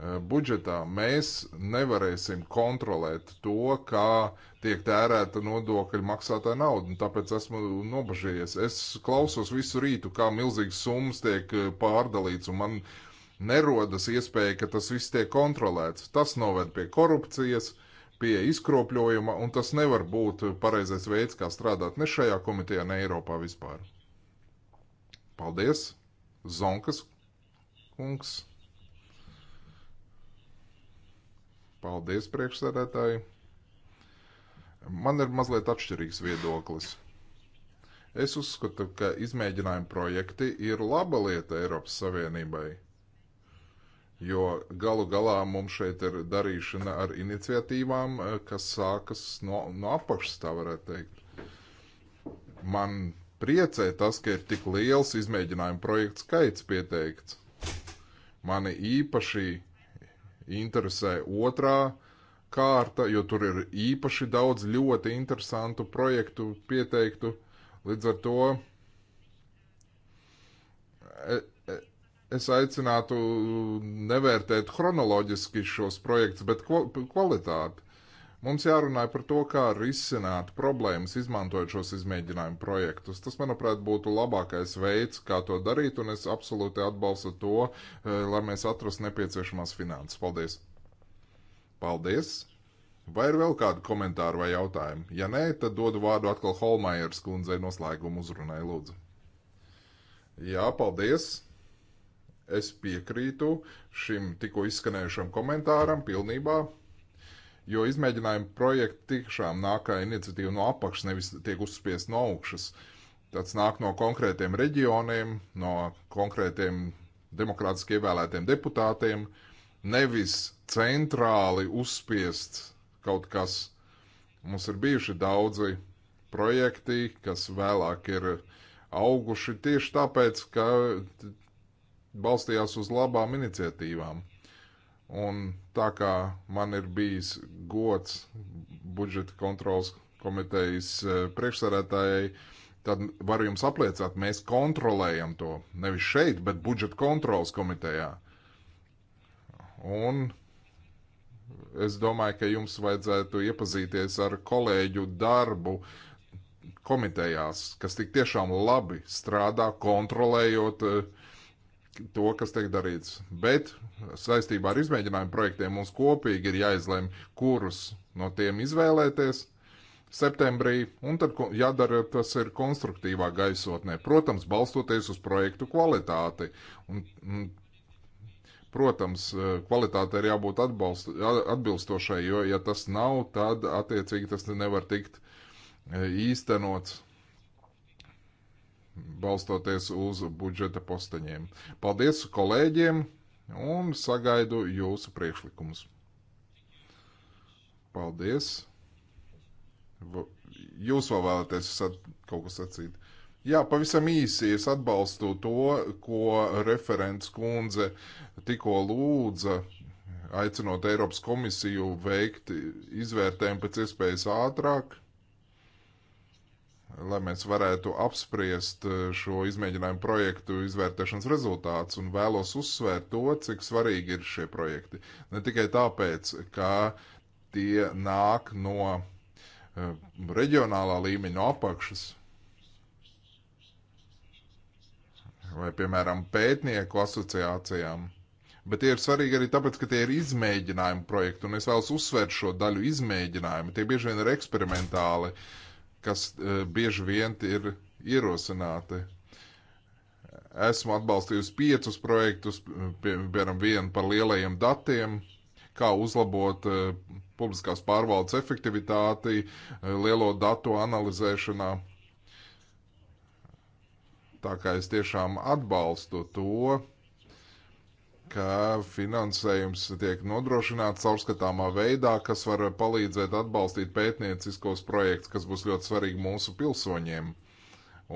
Eh, budžetā mēs nevarēsim kontrolēt to, kā tiek tērēta nodokļu maksātāja nauda, un tāpēc esmu nobažījies. Es klausos visu rītu, kā milzīgas summas tiek eh, pārdalīts, un man nerodas iespēja, ka tas viss tiek kontrolēts. Tas noved pie korupcijas, pie izkropļojuma, un tas nevar būt pareizais veids, kā strādāt ne šajā komitejā, ne Eiropā vispār. Paldies, Zonkas kungs! Paldies, priekšsēdētāji. Man ir mazliet atšķirīgs viedoklis. Es uzskatu, ka izmēģinājuma projekti ir laba lieta Eiropas Savienībai, jo galu galā mums šeit ir darīšana ar iniciatīvām, eh, kas sākas no, no apakšas, tā varētu teikt. Man priecē tas, ka ir tik liels izmēģinājuma projektu skaits pieteikts. Mani īpaši interesē otrā kārta, jo tur ir īpaši daudz ļoti interesantu projektu pieteiktu. Līdz ar to e, e, es aicinātu nevērtēt chronoloģiski šos projektus, bet kvalitāti. Mums jārunā par to, kā risināt problēmas, izmantojot šos izmēģinājumu projektus. Tas, manuprāt, būtu labākais veids, kā to darīt, un es absolūti atbalstu to, eh, lai mēs atrastu nepieciešamās finanses. Paldies! Paldies! Vai ir vēl kādi komentāri vai jautājumi? Ja nē, tad dodu vārdu atkal Holmajers kundzei noslēgumu uzrunai, lūdzu. Jā, paldies! Es piekrītu šim tikko izskanējušam komentāram pilnībā jo izmēģinājumu projekti tikšām nāk kā iniciatīva no apakšas, nevis tiek uzspiest no augšas. Tas nāk no konkrētiem reģioniem, no konkrētiem demokrātiski ievēlētiem deputātiem, nevis centrāli uzspiests kaut kas. Mums ir bijuši daudzi projekti, kas vēlāk ir auguši tieši tāpēc, ka balstījās uz labām iniciatīvām. Un tā kā man ir bijis gods budžeta kontrols komitejas eh, priekšsarētājai, tad varu jums apliecināt, mēs kontrolējam to. Nevis šeit, bet budžeta kontrols komitejā. Un es domāju, ka jums vajadzētu iepazīties ar kolēģu darbu komitejās, kas tik tiešām labi strādā, kontrolējot uh, to, kas tiek darīts. Bet saistībā ar izmēģinājumu projektiem mums kopīgi ir jāizlem, kurus no tiem izvēlēties septembrī, un tad jādara tas ir konstruktīvā gaisotnē, protams, balstoties uz projektu kvalitāti. Un, un, protams, eh, kvalitāte ir jābūt atbalst, atbilstošai, jo, ja tas nav, tad attiecīgi tas nevar tikt eh, īstenots balstoties uz budžeta postaņiem. Paldies kolēģiem un sagaidu jūsu priekšlikumus. Paldies! Jūs vēl vēlaties kaut ko sacīt? Jā, pavisam īsi es atbalstu to, ko referents kundze tikko lūdza, aicinot Eiropas komisiju veikt izvērtējumu pēc iespējas ātrāk lai mēs varētu apspriest eh, šo izmēģinājumu projektu izvērtēšanas rezultātus un vēlos uzsvērt to, cik svarīgi ir šie projekti. Ne tikai tāpēc, ka tie nāk no eh, reģionālā līmeņa, no apakšas, vai, piemēram, pētnieku asociācijām. Bet tie ir svarīgi arī tāpēc, ka tie ir izmēģinājumi projekti, un es vēlos uzsvērt šo daļu izmēģinājumu. Tie bieži vien ir eksperimentāli uh, kas e, bieži vien ir ierosināti. Esmu atbalstījusi piecus projektus, piemēram, vienu par lielajiem datiem, kā uzlabot e, publiskās pārvaldes efektivitāti e, lielo datu analizēšanā. Tā kā es tiešām atbalstu to, ka finansējums tiek nodrošināts caurskatāmā veidā, kas var palīdzēt atbalstīt pētnieciskos projektus, kas būs ļoti svarīgi mūsu pilsoņiem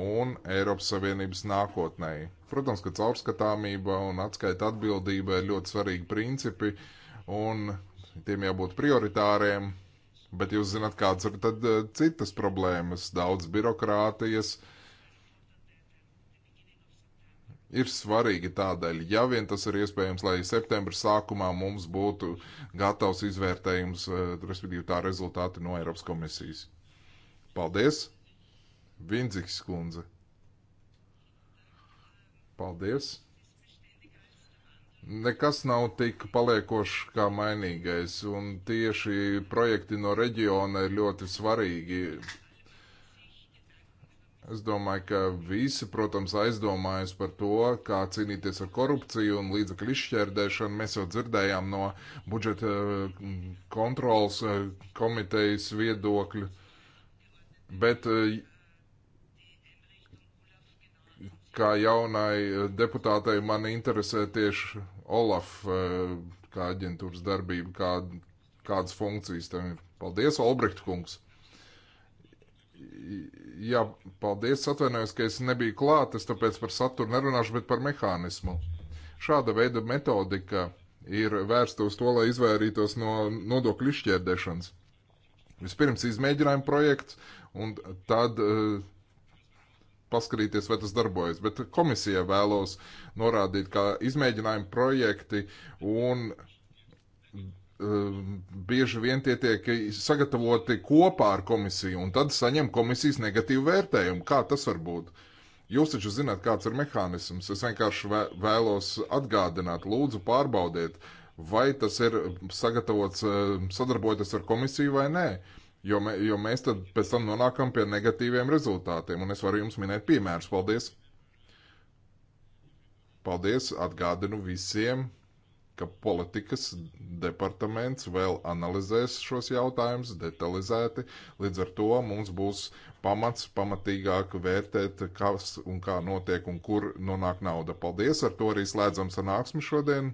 un Eiropas Savienības nākotnē. Protams, ka caurskatāmība un atskaita atbildība ir ļoti svarīgi principi, un tiem jābūt prioritāriem, bet jūs zināt, kāds ir tad eh, citas problēmas, daudz birokrātijas, uh, ir svarīgi tādēļ. Ja vien tas ir iespējams, lai septembra sākumā mums būtu gatavs izvērtējums, eh, respektīvi tā rezultāti no Eiropas komisijas. Paldies! Vindzīgs kundze! Paldies! Nekas nav tik paliekošs kā mainīgais, un tieši projekti no reģiona ir ļoti svarīgi Es domāju, ka visi, protams, aizdomājas par to, kā cīnīties ar korupciju un līdzekļu izšķērdēšanu. Mēs jau dzirdējām no budžeta mm, kontrolas eh, komitejas viedokļu. Bet eh, kā jaunai eh, deputātei man interesē tieši Olaf kā aģentūras darbība, kā, kādas funkcijas tam ir. Paldies, Olbrecht kungs! Jā, paldies, atvainojos, ka es nebiju klāt, es tāpēc par saturu nerunāšu, bet par mehānismu. Šāda veida metodika ir vērsta uz to, lai izvairītos no nodokļu izšķērdēšanas. Vispirms izmēģinājuma projekts, un tad uh, paskatīties, vai tas darbojas. Bet komisijai vēlos norādīt, ka izmēģinājuma projekti un uh, Um, bieži vien tie tiek sagatavoti kopā ar komisiju, un tad saņem komisijas negatīvu vērtējumu. Kā tas var būt? Jūs taču zināt, kāds ir mehānisms. Es vienkārši vēlos atgādināt, lūdzu, pārbaudiet, vai tas ir sagatavots um, sadarbojoties ar komisiju vai nē. Jo, me, jo mēs tad pēc tam nonākam pie negatīviem rezultātiem, un es varu jums minēt piemērus. Paldies! Paldies! Atgādinu visiem! ka politikas departaments vēl analizēs šos jautājumus detalizēti. Līdz ar to mums būs pamats pamatīgāk vērtēt, kas un kā notiek un kur nonāk nauda. Paldies! Ar to arī slēdzam sanāksmi šodien.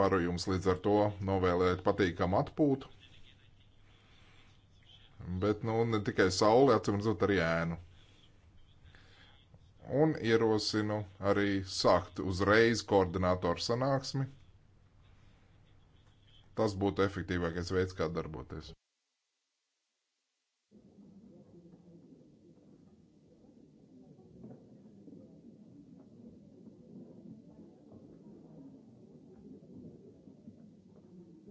Varu jums līdz ar to novēlēt patīkamu atpūtu. Bet, nu, ne tikai saule, atcīm redzot, arī ēnu un ierosinu arī sākt uzreiz koordinātoru sanāksmi. Tas būtu efektīvākais veids, kā darboties.